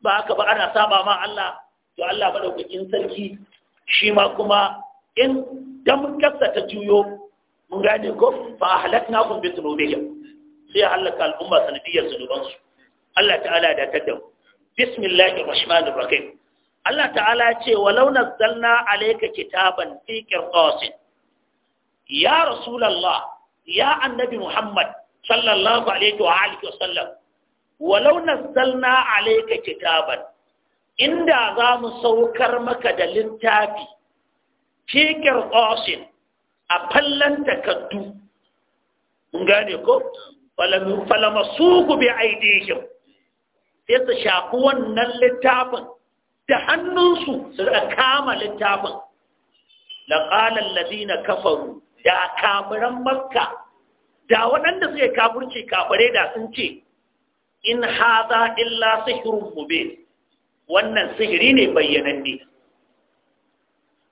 ba haka ba ana saba ma Allah to Allah ɗaukakin sarki shi ma kuma in dan kasa ta juyo mun gane ko fa halakna kun bi tunubihim sai halaka al'umma sanadiyar su. Allah ta'ala da tadda bismillahir rahmanir rahim Allah ta'ala ce walau nazzalna alayka kitaban fi qirtasin ya rasulallah ya annabi muhammad sallallahu alaihi wa alihi wa sallam walau nazzalna inda za mu saukar maka da littafi fi qirqasin a fallan takardu. mun gane ko falamasuku bi aidihim sai su shafi wannan littafin da hannunsu su kama littafin laqala alladhina kafaru da kafiran makka da waɗanda suke kafurci kafare da sun ce in haza illa sihirun mube wannan sihiri ne ne.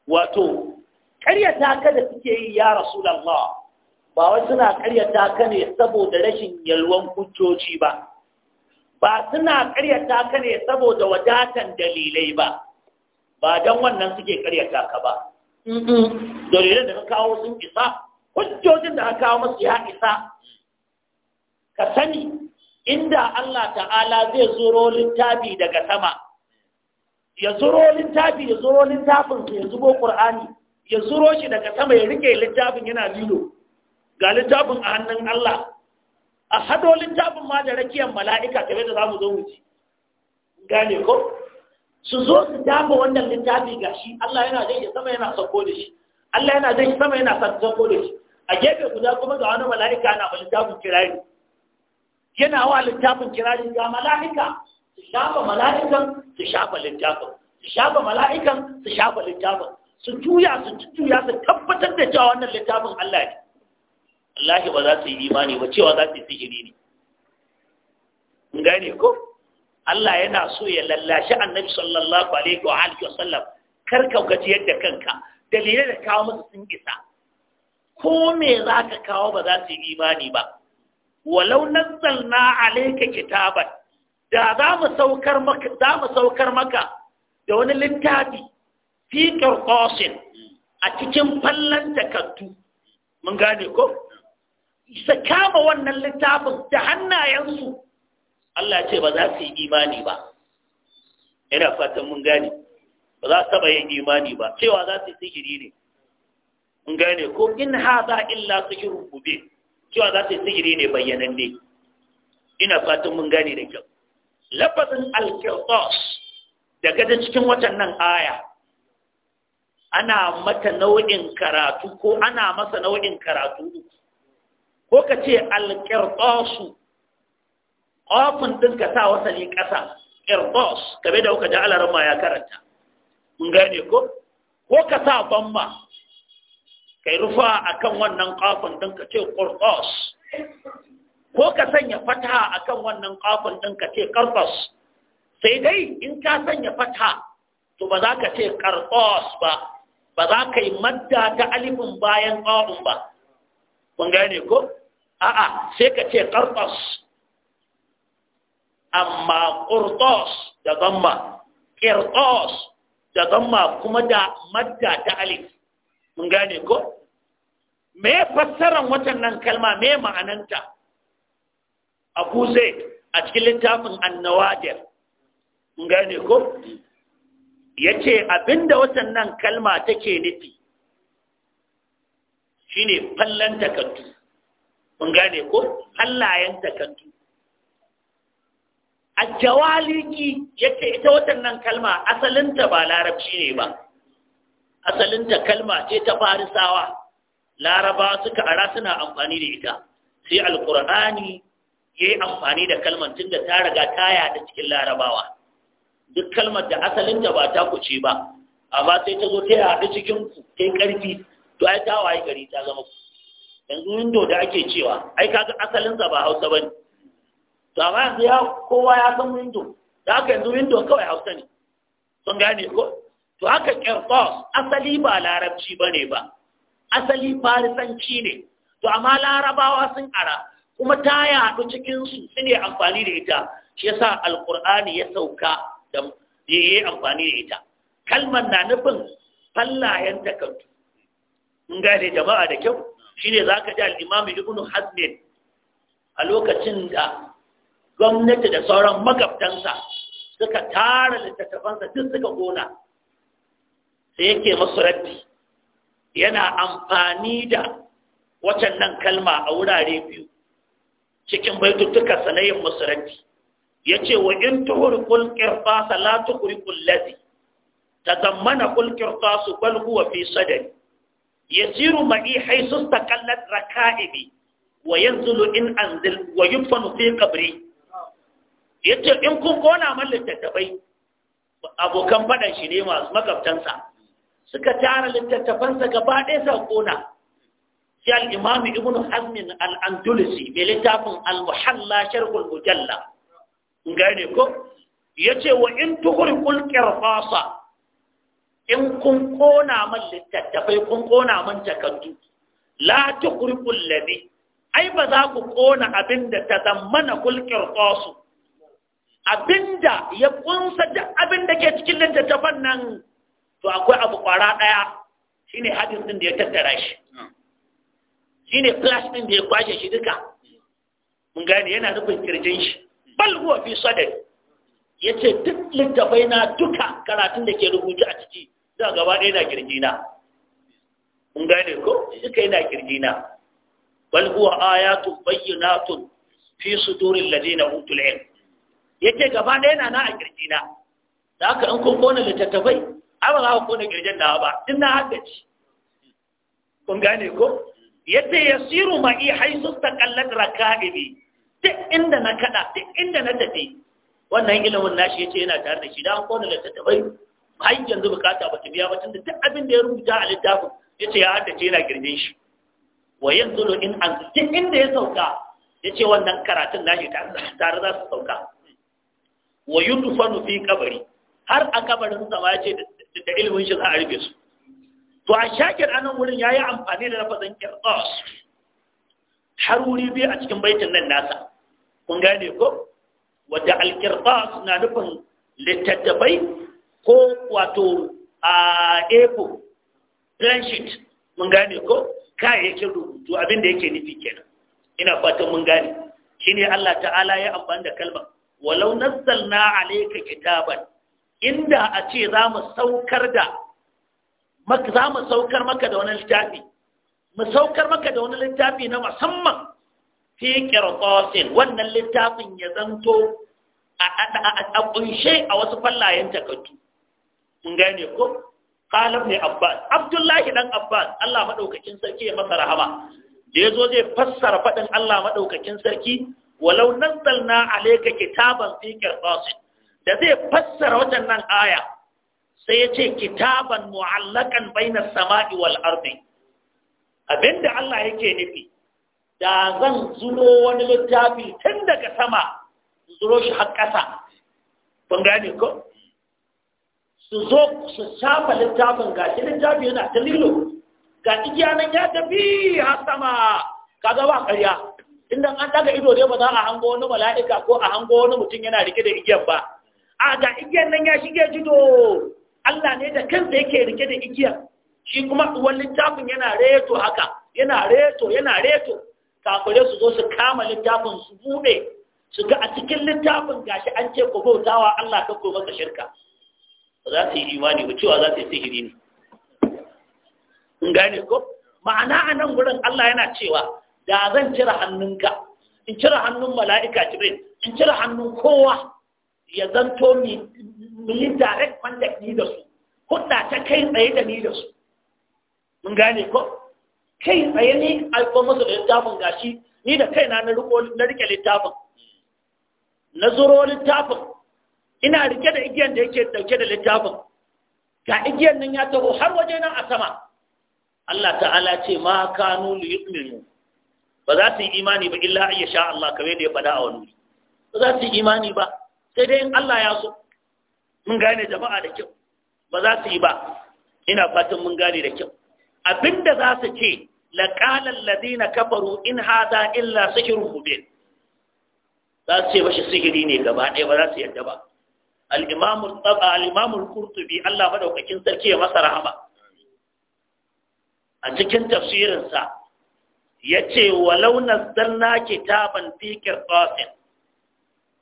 wato ƙaryata ka da suke yi ya rasulallah ba wai suna ƙaryata ka ne saboda rashin yalwan hujjoji ba ba suna ƙaryata ka ne saboda wadatan dalilai ba ba don wannan suke ƙaryata ka ba dalilan da ka kawo sun isa hujjojin da ka kawo masu ya isa ka sani inda Allah ta'ala zai zuro littafi daga sama ya zuro littafi ya zuro littafin ya zubo Qur'ani ya zuro shi daga sama ya rike littafin yana lilo ga littafin a hannun Allah a hado littafin ma da rakiyar mala'ika kamar da mu zo mu ci gane ko su zo su dafa wannan littafi gashi Allah yana zai ya sama yana sauko da shi Allah yana zai sama yana sauko da shi a gefe guda kuma ga wani mala'ika na littafin kirari yana wa littafin kirari ga mala'ika su shafa mala'ikan su shafa littafin su shafa mala'ikan su shafa littafin su juya su juya su tabbatar da cewa wannan littafin Allah ne Allah ba za su yi imani ba cewa za su yi sihiri ne gane ko Allah yana so ya lallashi annabi sallallahu alaihi wa alihi wa sallam kar ka gaji yadda kanka dalilai da kawo musu sun isa ko me za ka kawo ba za su yi imani ba walau nazzalna alayka kitaban da za mu saukar maka za mu saukar maka da wani littafi fi qirqasin a cikin fallan takaddu mun gane ko isa kama wannan littafin da hannayensu Allah ce ba za su yi imani ba ina fatan mun gane ba za su taɓa yin imani ba cewa za su yi sihiri ne mun gane ko in haza illa su yi mubin cewa za su yi sihiri ne ne. ina fatan mun gane da kyau lafazin alkirtos daga da cikin watan nan aya ana mata nau'in karatu ko ana masa nau'in karatu ko ka ce alkirtosu ofin dinka ka sa ne ƙasa irdos kabe da kuka ji alarin ma ya karanta mun gane ko ko ka sa bamma kai rufa akan wannan ƙafin dinka ka ce qurdos ko ka sanya fata akan wannan ƙafin dinka ka ce ƙarfas, sai dai in ka sanya fata to ba za ka ce ƙarfas ba ba za ka yi madda ta alifin bayan ƙa'un ba, Mun gane ko? A'a, sai ka ce ƙarfas, amma kurtos da zamma kirtos da zamma kuma da madda ta alif mun gane ko me fassaran watannan kalma me ma'ananta abu zai a cikin littafin annawadir mun gane ko yace abinda watannan kalma take nufi shine fallan takardu mun gane ko fallayen takardu ajawaliki jawaliki yace ita nan kalma asalinta ba larabci ne ba. Asalinta kalma ce ta Farisawa. Laraba suka ara suna amfani da ita. Sai Al-Qur'ani yayi amfani da kalmar da ta riga ta yada cikin Larabawa. Duk kalmar da asalinta ba ta kuce ba, amma sai ta zo ta yaɗu cikin ku ta yi ƙarfi, to ai ta waye gari ta zama ku. Yanzu windo da ake cewa, ai kaga asalinsa ba Hausa bane. to amma yanzu ya kowa ya san window da aka yanzu window kawai hausa ne sun gane ko to haka kirtos asali ba larabci ba ne ba asali farisanci ne to amma larabawa sun ara kuma ta yaɗu cikinsu su ne amfani da ita shi yasa alkur'ani ya sauka da ya yi amfani da ita kalmar na nufin fallayen takardu in gane jama'a da kyau shine za ka ji Limamin ibn hazmin a lokacin da gwamnati da sauran magabtansa suka tara littattafansa duk suka gona sai yake masu raddi yana amfani da wacannan kalma a wurare biyu cikin baitutuka sanayin masu raddi ya ce wa in tuhurkul kirfasa la tuhurkul lazi ta zammana kul kirfasu bal huwa fi sadari yasiru ma'i haisu stakallat raka'ibi wa yanzulu in anzil wa yudfanu fi qabri yace in kun kona man littattafai abokan faɗan shi ne masu makabtansa suka tara littattafansa gaba ɗaya sa kona sai al-imam ibn hazm al-andalusi mai littafin al-muhalla sharh al-mujalla gane ko yace wa in tuhrikul qirfasa in kun kona man littattafai kun kona man takaddu la tuhrikul ladhi ai ba za ku kona abinda ta zammana kul qirfasu abinda ya kunsa da abinda ke cikin littattafan nan to akwai abu kwara daya shine hadis din da ya tattara shi shine class din da ya kwashe shi duka mun gane yana nufin kirjin shi bal huwa fi sadad yace duk littafai na duka karatun da ke rubutu a ciki za gaba ɗaya na kirjina mun gane ko duka yana kirjina bal huwa ayatun bayyinatun fi suduril ladina utul ilm yake gaba ɗaya na na a kirji na da aka in kun kona littattafai A ba za ku kona kirjin da ba din na haddace kun gane ko ya siru ma iya haisu taqallat raka'ibi duk inda na kada duk inda na tafi wannan ilimin nashi ya ce yana tare da shi da an kona littattafai har yanzu bukata ba ta biya ba tunda duk abin da ya rubuta a littafin Ya ce ya haddace yana girgin shi wa yanzu in an duk inda ya sauka Ya ce wannan karatun nashi tare za su sauka wa yudfanu fi qabri har a kabarin sa ba ce da ilimin shi za a rufe su to a shakir anan wurin yayi amfani da lafazin qirtas har wuri bi a cikin baitin nan nasa kun gane ko wata al na nufin littattafai ko wato a epo transit mun gane ko kayayyakin rubutu abin da yake nufi kenan ina fatan mun gane shine Allah ta'ala ya amfani da kalmar walau nazzalna alayka kitaban inda a ce za mu saukar da za mu saukar maka da wani littafi mu saukar maka da wani littafi na musamman fi qirtasin wannan littafin ya zanto a kunshe a wasu fallayen takaddu mun gane ko qala ibn abbas abdullahi dan abbas Allah madaukakin sarki ya masa rahama da yazo zai fassara fadin Allah madaukakin sarki walau nazzalna alayka kitaban fikir qirtasin da zai fassara waɗannan aya sai yace kitaban mu'allakan bainas sama'i wal ardi abinda Allah yake nufi da zan zuro wani littafi tun daga sama zuro shi har ƙasa kun gane ko su zo su shafa littafin ga shi littafi yana ta lilo ga igiya nan ya tafi har sama kaga ba ƙarya inda an daga ido dai ba za a hango wani mala'ika ko a hango wani mutum yana rike da igiyar ba a ga igiyar nan ya shige jido Allah ne da kansa yake rike da igiyar shi kuma uwan littafin yana reto haka yana reto yana reto kafare su zo su kama littafin su bude su ga a cikin littafin gashi an ce ku bautawa Allah ka ko ka shirka ba za su yi imani ba cewa za su yi sihiri ne in gane ko ma'ana a nan gurin Allah yana cewa da zan cire hannunka in cire hannun mala'ika jibril in cire hannun kowa ya zanto mu yi direct contact ni da su hudda ta kai tsaye da ni da su mun gane ko kai tsaye ne aiko musu da littafin gashi ni da kaina na riko na rike littafin na zuro littafin ina rike da igiyan da yake dauke da littafin ga igiyan nan ya taho har waje nan a sama Allah ta'ala ce ma kanu li yu'minu ba za su yi imani ba illa ayya sha Allah kamar da ya faɗa a wani ba za su yi imani ba sai dai Allah ya so mun gane jama'a da kyau ba za su yi ba ina fatan mun gane da kyau abinda za su ce laqala Ladina kafaru in hada illa sihrun mubin za su ce bashi sihiri ne gaba ɗaya ba za su yadda ba al-imam al-imam al-qurtubi Allah madaukakin sarki ya masa rahama a cikin tafsirinsa Ya ce yace walau nazzalna kitaban fikir qirtasin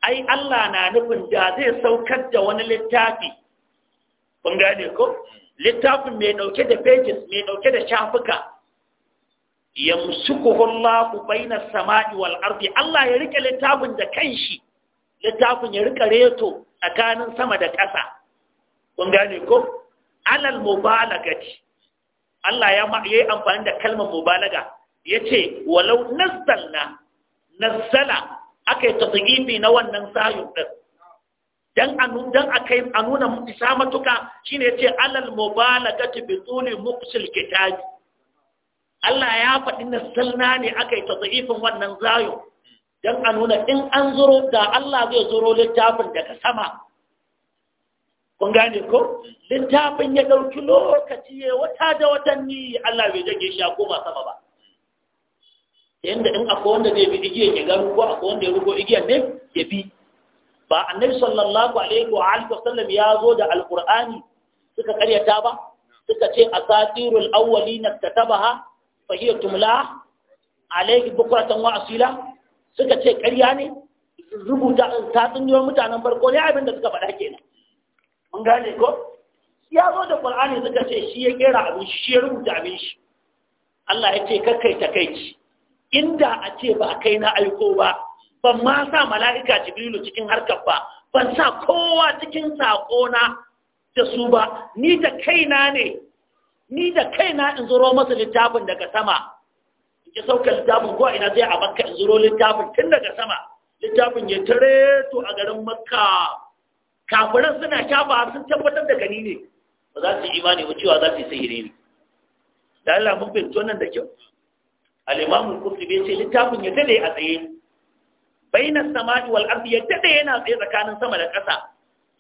ai Allah na nufin da zai saukar da wani littafi kun gane ko littafin mai nauke da pages mai nauke da shafuka Ya yamsukuhu ku bainas sama'i wal ardi Allah ya rike littafin da kanshi littafin ya rika reto tsakanin sama da ƙasa kun gane ko alal mubalagati Allah ya yi amfani da kalmar mubalaga Ya ce walau nazzalna nazzala yi tasgibi na wannan sayun din dan anu dan akai nuna isa matuka shine yace alal mubalagati bi tuli muqsil kitabi Allah ya faɗi nazzalna ne yi tasgibin wannan zayo dan nuna in an zuro da Allah zai zuro littafin daga sama kun gane ko littafin ya ɗauki lokaci ya wata da watanni Allah bai jage shi a ba sama ba ta yadda in akwai wanda zai bi igiyan ya gano ko akwai wanda ya rugo igiyan ne ya bi ba annabi sallallahu alaihi wa alihi wasallam ya zo da alqur'ani suka karyata ba suka ce asatirul awwalina katabaha fa hiya tumla alaihi bukratan wa asila suka ce karya ne rubuta ta tsinjiyar mutanen farko ne abin da suka faɗa kenan mun gane ko ya zo da qur'ani suka ce shi ya kera abin shi ya rubuta abin shi Allah ya ce kakkai takaici inda a ce ba kai na aiko ba ban ma sa mala'ika jibrilu cikin harkar ba ban sa kowa cikin saƙona da su ba ni da kaina ne ni da kaina in zuro masa littafin daga sama in ki sauka littafin ko ina zai a makka in zuro littafin tun daga sama littafin ya tare to a garin makka kafiran suna shafa sun tabbatar da gani ne ba za su yi imani ba cewa za su yi sihiri ne da Allah mun fahimci wannan da kyau al’imamu imamu ce littafin ya dade a tsaye bainar samai wal ya dade yana tsaye tsakanin sama da ƙasa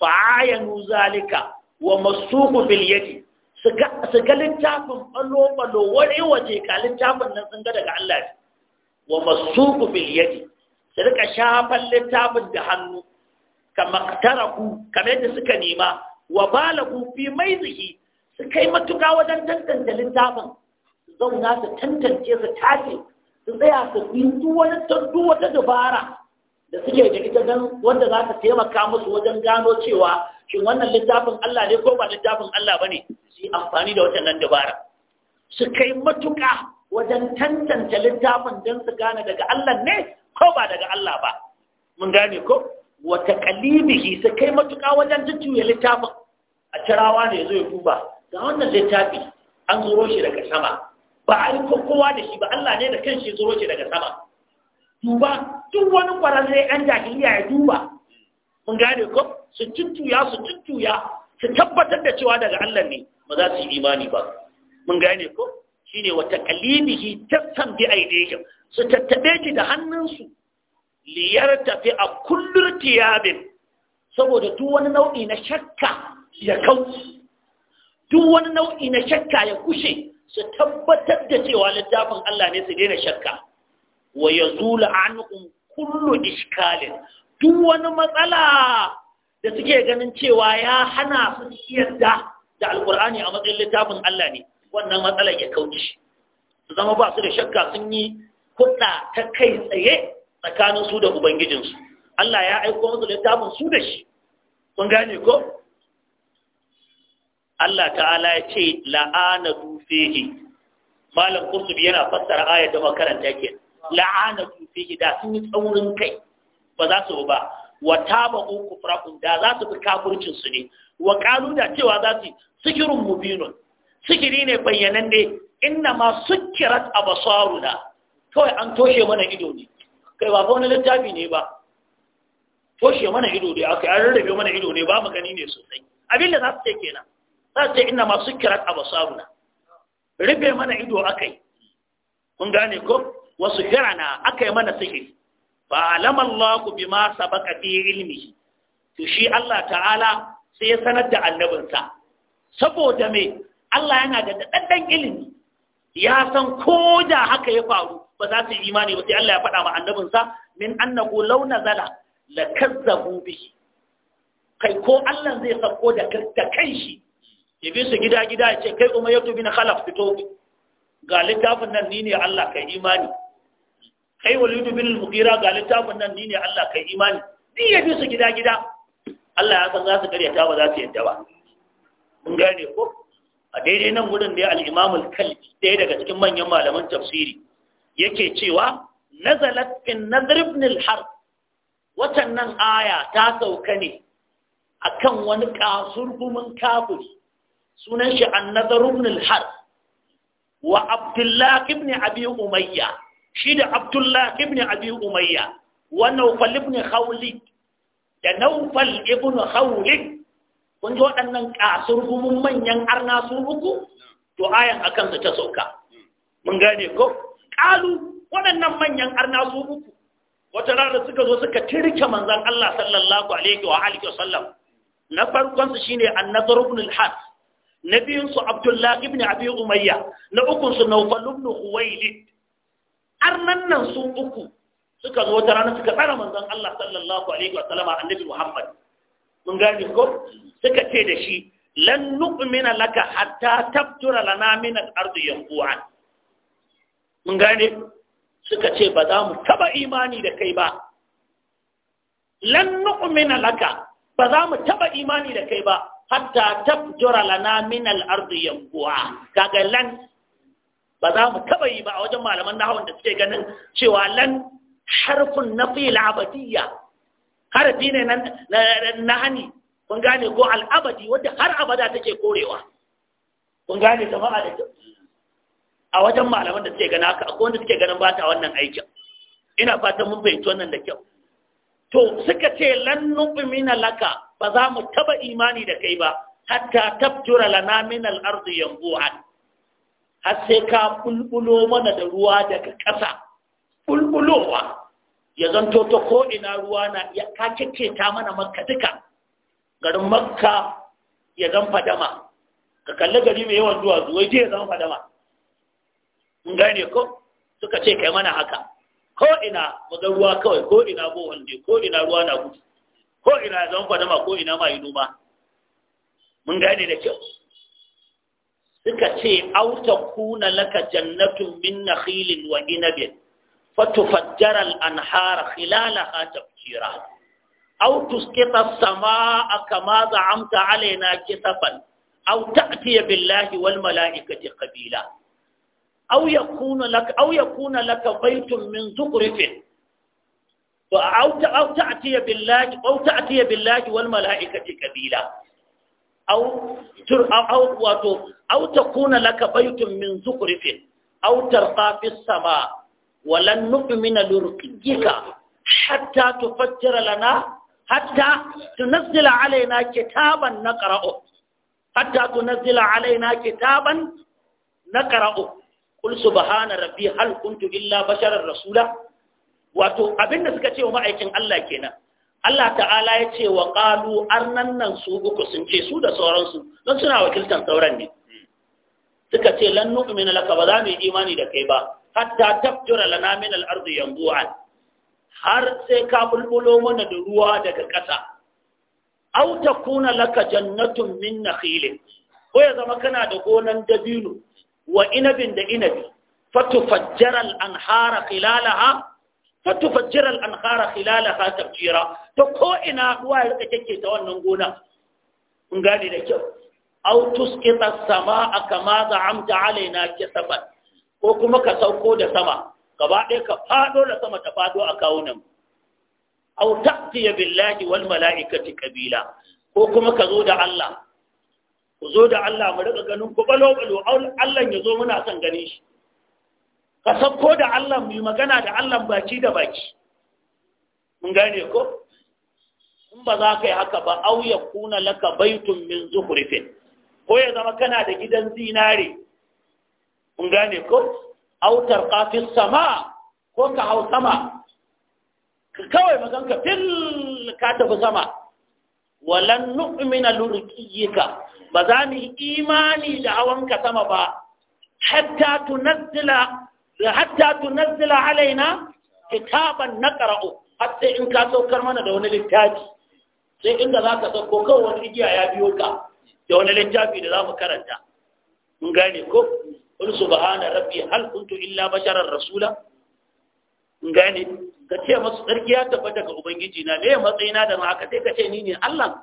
fa ayanu zalika wa masu bil yake su ga littafin ɓalo-ɓalo wani waje ka littafin nan sun ga daga Allah wa masu bil yake su rika shafan littafin da hannu kamar ku kamar yadda suka nema wa mai ziki su kai matuka wajen tantance littafin zauna su tantance su tace su tsaya su wani tattu wata dabara da suke da ita don wanda za ta taimaka musu wajen gano cewa shi wannan littafin Allah ne ko ba littafin Allah ba ne su yi amfani da wata nan dabara su kai matuƙa wajen tantance littafin don su gane daga Allah ne ko ba daga Allah ba mun gane ko wata kalibihi su kai matuƙa wajen jujjuya littafin a cirawa ne zai duba ga wannan littafi an zuro shi daga sama ba a yi kowa da shi ba Allah ne da kanshi zuro shi daga sama duba duk wani kwararre an jahiliya ya duba mun gane ko su tuttuya su tuttuya su tabbatar da cewa daga Allah ne ba za su yi imani ba mun gane ko shine wa taqlidihi tasam bi aidihim su tattabe shi da hannunsu liyar tafi a kullur tiyabin saboda duk wani nau'i na shakka ya kauce duk wani nau'i na shakka ya kushe su tabbatar da cewa littafin Allah ne su daina shakka wa yazulu anhum kullu iskalin duk wani matsala da suke ganin cewa ya hana su yarda da alkur'ani a matsayin littafin Allah ne wannan matsala ya kauce su zama ba su da shakka sun yi kuɗa ta kai tsaye tsakanin su da ubangijinsu Allah ya aiko musu littafin su da shi kun gane ko Allah ta'ala ya ce la'ana dufehi malam qurtubi yana fassara ayar da makaranta ke la'ana dufehi da sun yi tsaurin kai ba za su ba wa tabu kufrakun da za su fi kafurcin su ne wa qalu da cewa za su sikirun mubinun sikiri ne bayyanan ne inna ma sukkirat abasaruna kawai an toshe mana ido ne kai ba wani littafi ne ba toshe mana ido ne aka yi an rarrabe mana ido ne ba mu gani ne sosai abin da za su ce kenan za ta ina masu kiras a basaruna rufe mana ido akai kun gane ko wasu hirana akai mana sihiri Ba alama Allah bi ma sabaka fi ilimi. to shi Allah ta'ala sai ya sanar da annabinsa saboda me Allah yana da daɗaɗɗen ilimi ya san ko da haka ya faru ba za su yi imani ba sai Allah ya faɗa ma annabinsa min annahu law nazala la kazzabu bihi kai ko Allah zai sako da da shi ya bi su gida gida ya ce kai umayyatu bin khalaf fito ga littafin nan ni ne Allah kai imani kai walidu bin al-mughira ga littafin nan ni ne Allah kai imani ni ya bi su gida gida Allah ya san za su karyata ba za su yadda ba mun gane ko a daidai nan gudun da al-imam al-kalbi ɗaya daga cikin manyan malaman tafsiri yake cewa nazalat in nadr ibn al har watan nan aya ta sauka ne akan wani kasurgumin kafiri sunan shi annazar ibn har wa Abdullahi ibn abi umayya shi da Abdullahi ibn abi umayya wa nawfal ibn khawlid da nawfal ibn khawlid kun ji waɗannan ƙasar gumin manyan arna sun uku to ayan a su ta sauka mun gane ko kalu waɗannan manyan arna sun uku wata rana suka zo suka tirke manzan Allah sallallahu alaihi wa alihi wasallam na farkon su shine annazar ibn har na biyunsu Abdullahi ibn Abi Umayya na ukun su Nawfal ibn Khuwailid arnan nan su uku suka zo ta rana suka tsara manzon Allah sallallahu alaihi wa sallama annabi Muhammad mun gane ko suka ce da shi lan nu'mina laka hatta tabtura lana min al-ardi yanquan mun gane suka ce ba za mu taba imani da kai ba lan nu'mina laka ba za mu taba imani da kai ba hatta tafjura lana min al-ardi yanbu'a kaga lan ba za mu taba yi ba a wajen malaman nahawun da suke ganin cewa lan harfun nafi al-abadiyya harfi ne na hani kun gane ko al-abadi wanda har abada take korewa kun gane jama'a da a wajen malaman da suke gana haka akwai wanda suke ganin ba ta wannan aikin ina fatan mun fahimci wannan da kyau to suka ce lan nu'mina laka ba za mu taba imani da kai ba hatta tabtura lana min al-ardi yanbu'an har sai ka bulbulo mana da ruwa daga ƙasa bulbulowa ya zanto ta ko ina ruwa na ya ka ta mana makka duka garin makka ya zan fadama ka kalli gari mai yawan zuwa zuwa je ya zan fadama in gane ko suka ce kai mana haka ko ina mu ga ruwa kawai ko ina bo wande ko ina ruwa na gudu ko ina ya zama ko ina ma yi noma mun gane da kyau suka ce auta kuna laka jannatun min nakhilin wa inabin fatufajjara al-anhara khilalaha tafjira aw tusqita as-samaa kama za'amta alaina kisafan aw ta'tiya billahi wal mala'ikati qabila aw yakuna laka aw yakuna laka baytun min to a auta auta atiya billahi auta billahi wal malaikati kabila au tur au wato au takuna laka baytun min zukrifin au tarqa fis sama walan nu'mina lurqika hatta tufattira lana hatta tunazzila alaina kitaban naqra'u hatta tunazzila alaina kitaban naqra'u qul subhana rabbi hal kuntu illa basharar rasula wato abinda suka ce wa ma'aikin Allah kenan Allah ta'ala ya ce wa ƙalu arnan nan su uku sun ce su da sauransu don suna wakiltan sauran ne suka ce lan min laka ba za mu yi imani da kai ba hatta tafjura lana min al-ardi yanzu'an har sai ka bulbulo mana da ruwa daga ƙasa aw takuna laka jannatun min nakhilin ko ya zama kana da gonan dabino wa inabin da inabi fatufajjara al-anhara khilalaha ta tufajjira al'anhara khilalaha tafjira ta ko ina ruwa ya rika kake ta wannan gona kun gane da kyau aw tusqita samaa kama za'amta alaina kisaban ko kuma ka sauko da sama gaba ɗaya ka fado da sama ta fado a kawunan aw ta'tiya billahi wal mala'ikati kabila ko kuma ka zo da Allah ku zo da Allah mu rika ganin ku balo Allah ya zo muna son ganin shi ka sauko da Allah mu magana da Allah baki da baki mun gane ko in ba za ka yi haka ba au ya kuna laka baitun min zuhrifin ko ya zama kana da gidan zinare mun gane ko Autar tarqa sama ko ka hau sama Ka kawai maganka fil ka tafi sama walan nu'mina lurqiyika ba za mu imani da hawanka sama ba hatta tunazzila hatta tunazzila alaina kitaban naqra'u har sai in ka saukar mana da wani littafi sai inda za ka sauko kawai wani igiya ya biyo ka da wani littafi da za mu karanta mun gane ko qul subhana rabbi hal kuntu illa basharar rasula mun gane ka ce masu tsarki ya tabbata ga ubangiji na me matsayina da haka sai ka ce ni ne Allah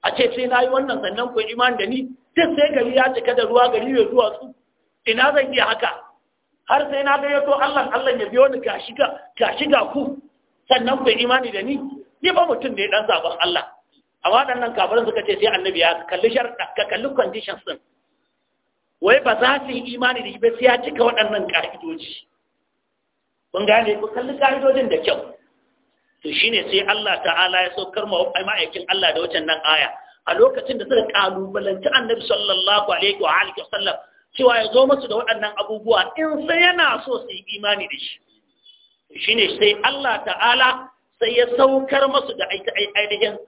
a ce sai na yi wannan sannan ku imani da ni duk sai gari ya cika da ruwa gari mai duwatsu ina zan iya haka har sai na to Allah Allah ya biyo ni gashi ga gashi ga ku sannan ku imani da ni ni ba mutum ne dan zaben Allah dan nan kafirin suka ce sai annabi ya kalli ka kalli conditions din wai ba za su yi imani da shi ba sai ya cika waɗannan ka'idoji kun gane ku kalli ka'idojin da kyau to shine sai Allah ta'ala ya saukar ma ma'aikin Allah da wacan nan aya a lokacin da suka kalubalanci annabi sallallahu alaihi wa alihi wasallam cewa ya zo masu da waɗannan abubuwa in sai yana so su yi imani da shi shine sai Allah ta'ala sai ya saukar musu da ainihin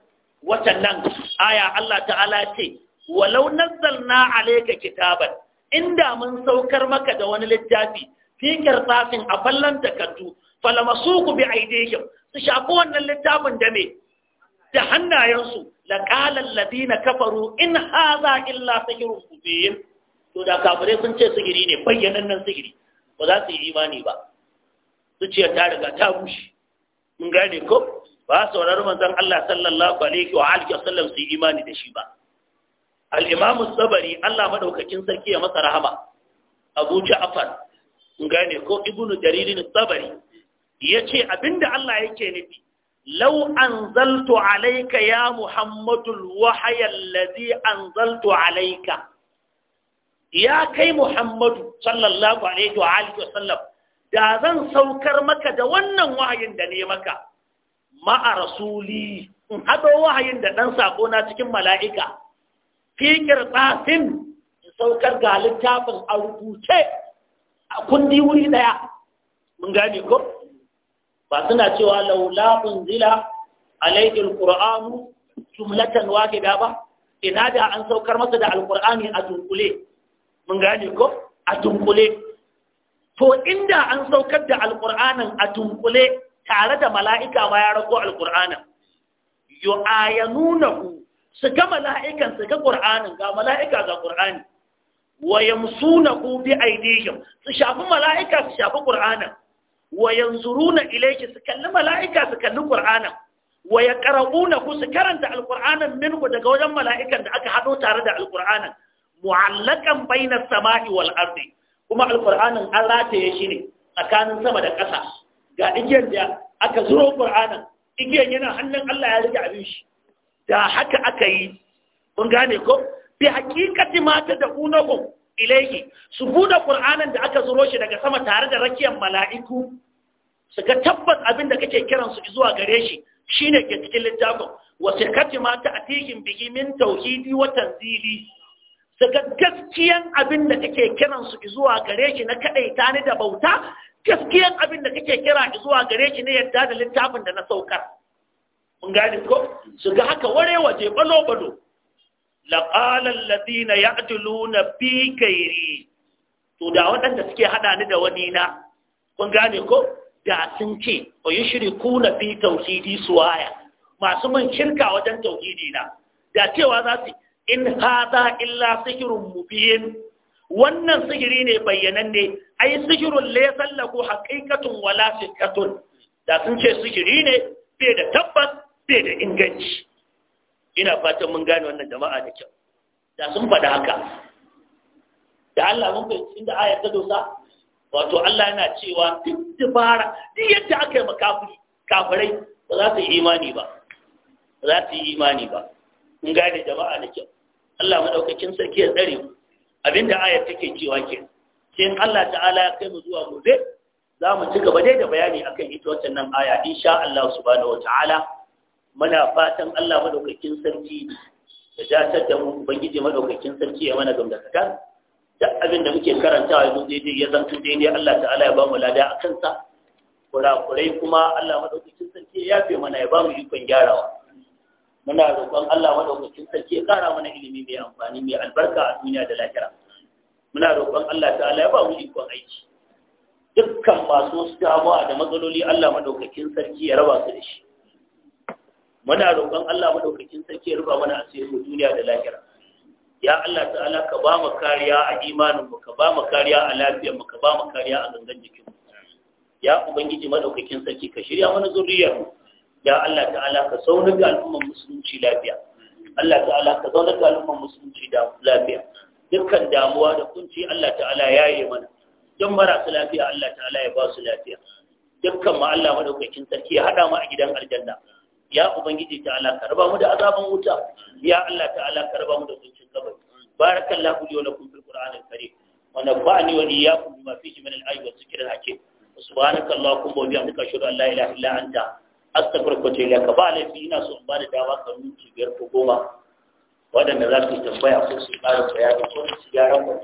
watan nan aya Allah ta'ala ce walau nazzalna alayka kitaban inda mun saukar maka da wani littafi fi kirtafin a fallon takardu falamasuku bi aidihim su shafi wannan littafin da me da hannayensu laqala alladhina kafaru in hadha illa sihrun mubin to da kafirai sun ce sigiri ne bayyanan nan sigiri, ba za su yi imani ba Su ce ta riga ta bushe mun gane ko ba su saurari manzon Allah sallallahu alaihi wa alihi wasallam su yi imani da shi ba al-imam sabari Allah madaukakin sarki ya masa rahama Abu Ja'far mun gane ko Ibn Jarir sabari yace abinda Allah yake nufi لو anzaltu عليك ya محمد الوحي الذي anzaltu عليك ya kai Muhammadu sallallahu alaihi wa alihi wa sallam da zan saukar maka da wannan wahayin da ne maka ma'a rasuli in haɗo wahayin da ɗan sako na cikin mala'ika fi kirtasin in saukar ga littafin a rubuce a kundi wuri ɗaya mun gane ko ba suna cewa laula unzila alaihi alqur'anu jumlatan wahida ba ina da an saukar masa da alqur'ani a dunkule mun gane ko a tunkule to inda an saukar da alƙur'anin a tunkule tare da mala'ika ma ya rago alƙur'anin su ga mala'ikan su ga ƙur'anin ga mala'ika ga ƙur'ani wa yamsunahu bi aydihim su shafi mala'ika su shafi ƙur'anin wa yanzuruna ilayhi su kalli mala'ika su kalli ƙur'anin Waya ya ƙara'una ku su karanta alƙur'anin minku daga wajen mala'ikan da aka haɗo tare da alƙur'anin mu'allakan baina sama'i wal ardi kuma alqur'anin an rataye shi ne tsakanin sama da ƙasa ga igiyar da aka zuro qur'anin igiyar yana hannun Allah ya rike abin shi da haka aka yi kun gane ko bi haqiqati ma ta da unakum ilaihi su buɗe qur'anin da aka zuro shi daga sama tare da rakiyar mala'iku su ga tabbas abin da kake kiransu zuwa gare shi shine ke cikin littafin wasu kati ma ta cikin bihi min tauhidi wa tanzili daga gaskiyan abin da kake kiran su zuwa gare shi na kaɗaita ni da bauta gaskiyan abin da kake kira zuwa gare shi ne yadda da littafin da na saukar mun gane ko su ga haka ware waje balo balo laqala alladhina ya'tuluna bi kayri to da waɗanda suke hada ni da wani na kun gane ko da sun ce wa yushrikuna fi tawhidi suwaya masu mun shirka wajen tauhidi na da cewa za su in hada illa sihirun mubin wannan sihiri ne bayyananne ai sihirun laysa lahu haqiqatun wala fitatun da sun ce sihiri ne bai da tabbas bai da inganci ina fatan mun gane wannan jama'a da kyau da sun fada haka da Allah mun fahimci inda ayar ta dosa wato Allah yana cewa duk dabara duk yadda aka yi makafiri kafirai ba za su yi imani ba ba za su yi imani ba mun gane jama'a da kyau Allah madaukakin sarki ya tsare mu abinda ayar take cewa ke sai Allah ta'ala ya kai mu zuwa gobe za mu ci gaba dai da bayani akan ita wannan nan aya insha Allah subhanahu wataala muna fatan Allah madaukakin sarki ya datar da mu ubangiji madaukakin sarki ya mana gamdakatar duk abin da muke karantawa yanzu daidai ya zanto ne Allah ta'ala ya ba mu lada a kansa kurakurai kuma Allah maɗaukakin sarki ya yafe mana ya ba mu ikon gyarawa muna roƙon Allah madaukakin sarki ya ƙara mana ilimi mai amfani mai albarka a duniya da lahira muna roƙon Allah ta'ala ya ba mu ikon aiki dukkan masu damuwa da matsaloli Allah madaukakin sarki ya raba su da shi muna roƙon Allah madaukakin sarki ya raba mana asiri duniya da lahira ya Allah ta'ala ka ba mu kariya a imanin mu ka ba mu kariya a lafiyar mu ka ba mu kariya a gangan jikin mu ya ubangiji madaukakin sarki ka shirya mana zuriyar mu ya Allah ta'ala ka zaunar da al'ummar musulunci lafiya Allah ta'ala ka zaunar da al'ummar musulunci da lafiya dukkan damuwa da kunci Allah ta'ala ya yi mana don marasa lafiya Allah ta'ala ya ba su lafiya dukkan ma Allah madaukakin sarki ya hada mu a gidan aljanna ya ubangiji ta'ala ka raba mu da azaban wuta ya Allah ta'ala ka raba mu da kuncin kabari barakallahu li wa lakum fil qur'anil karim ونفعني وإياكم بما فيه من الآية والذكر الحكيم سبحانك اللهم وبحمدك أشهد أن لا إله إلا أنت astagfir ko ce ka ina so ba da dawa ka minti biyar ko goma waɗanda za su tambaya ko su ƙara bayani ko su gyara ko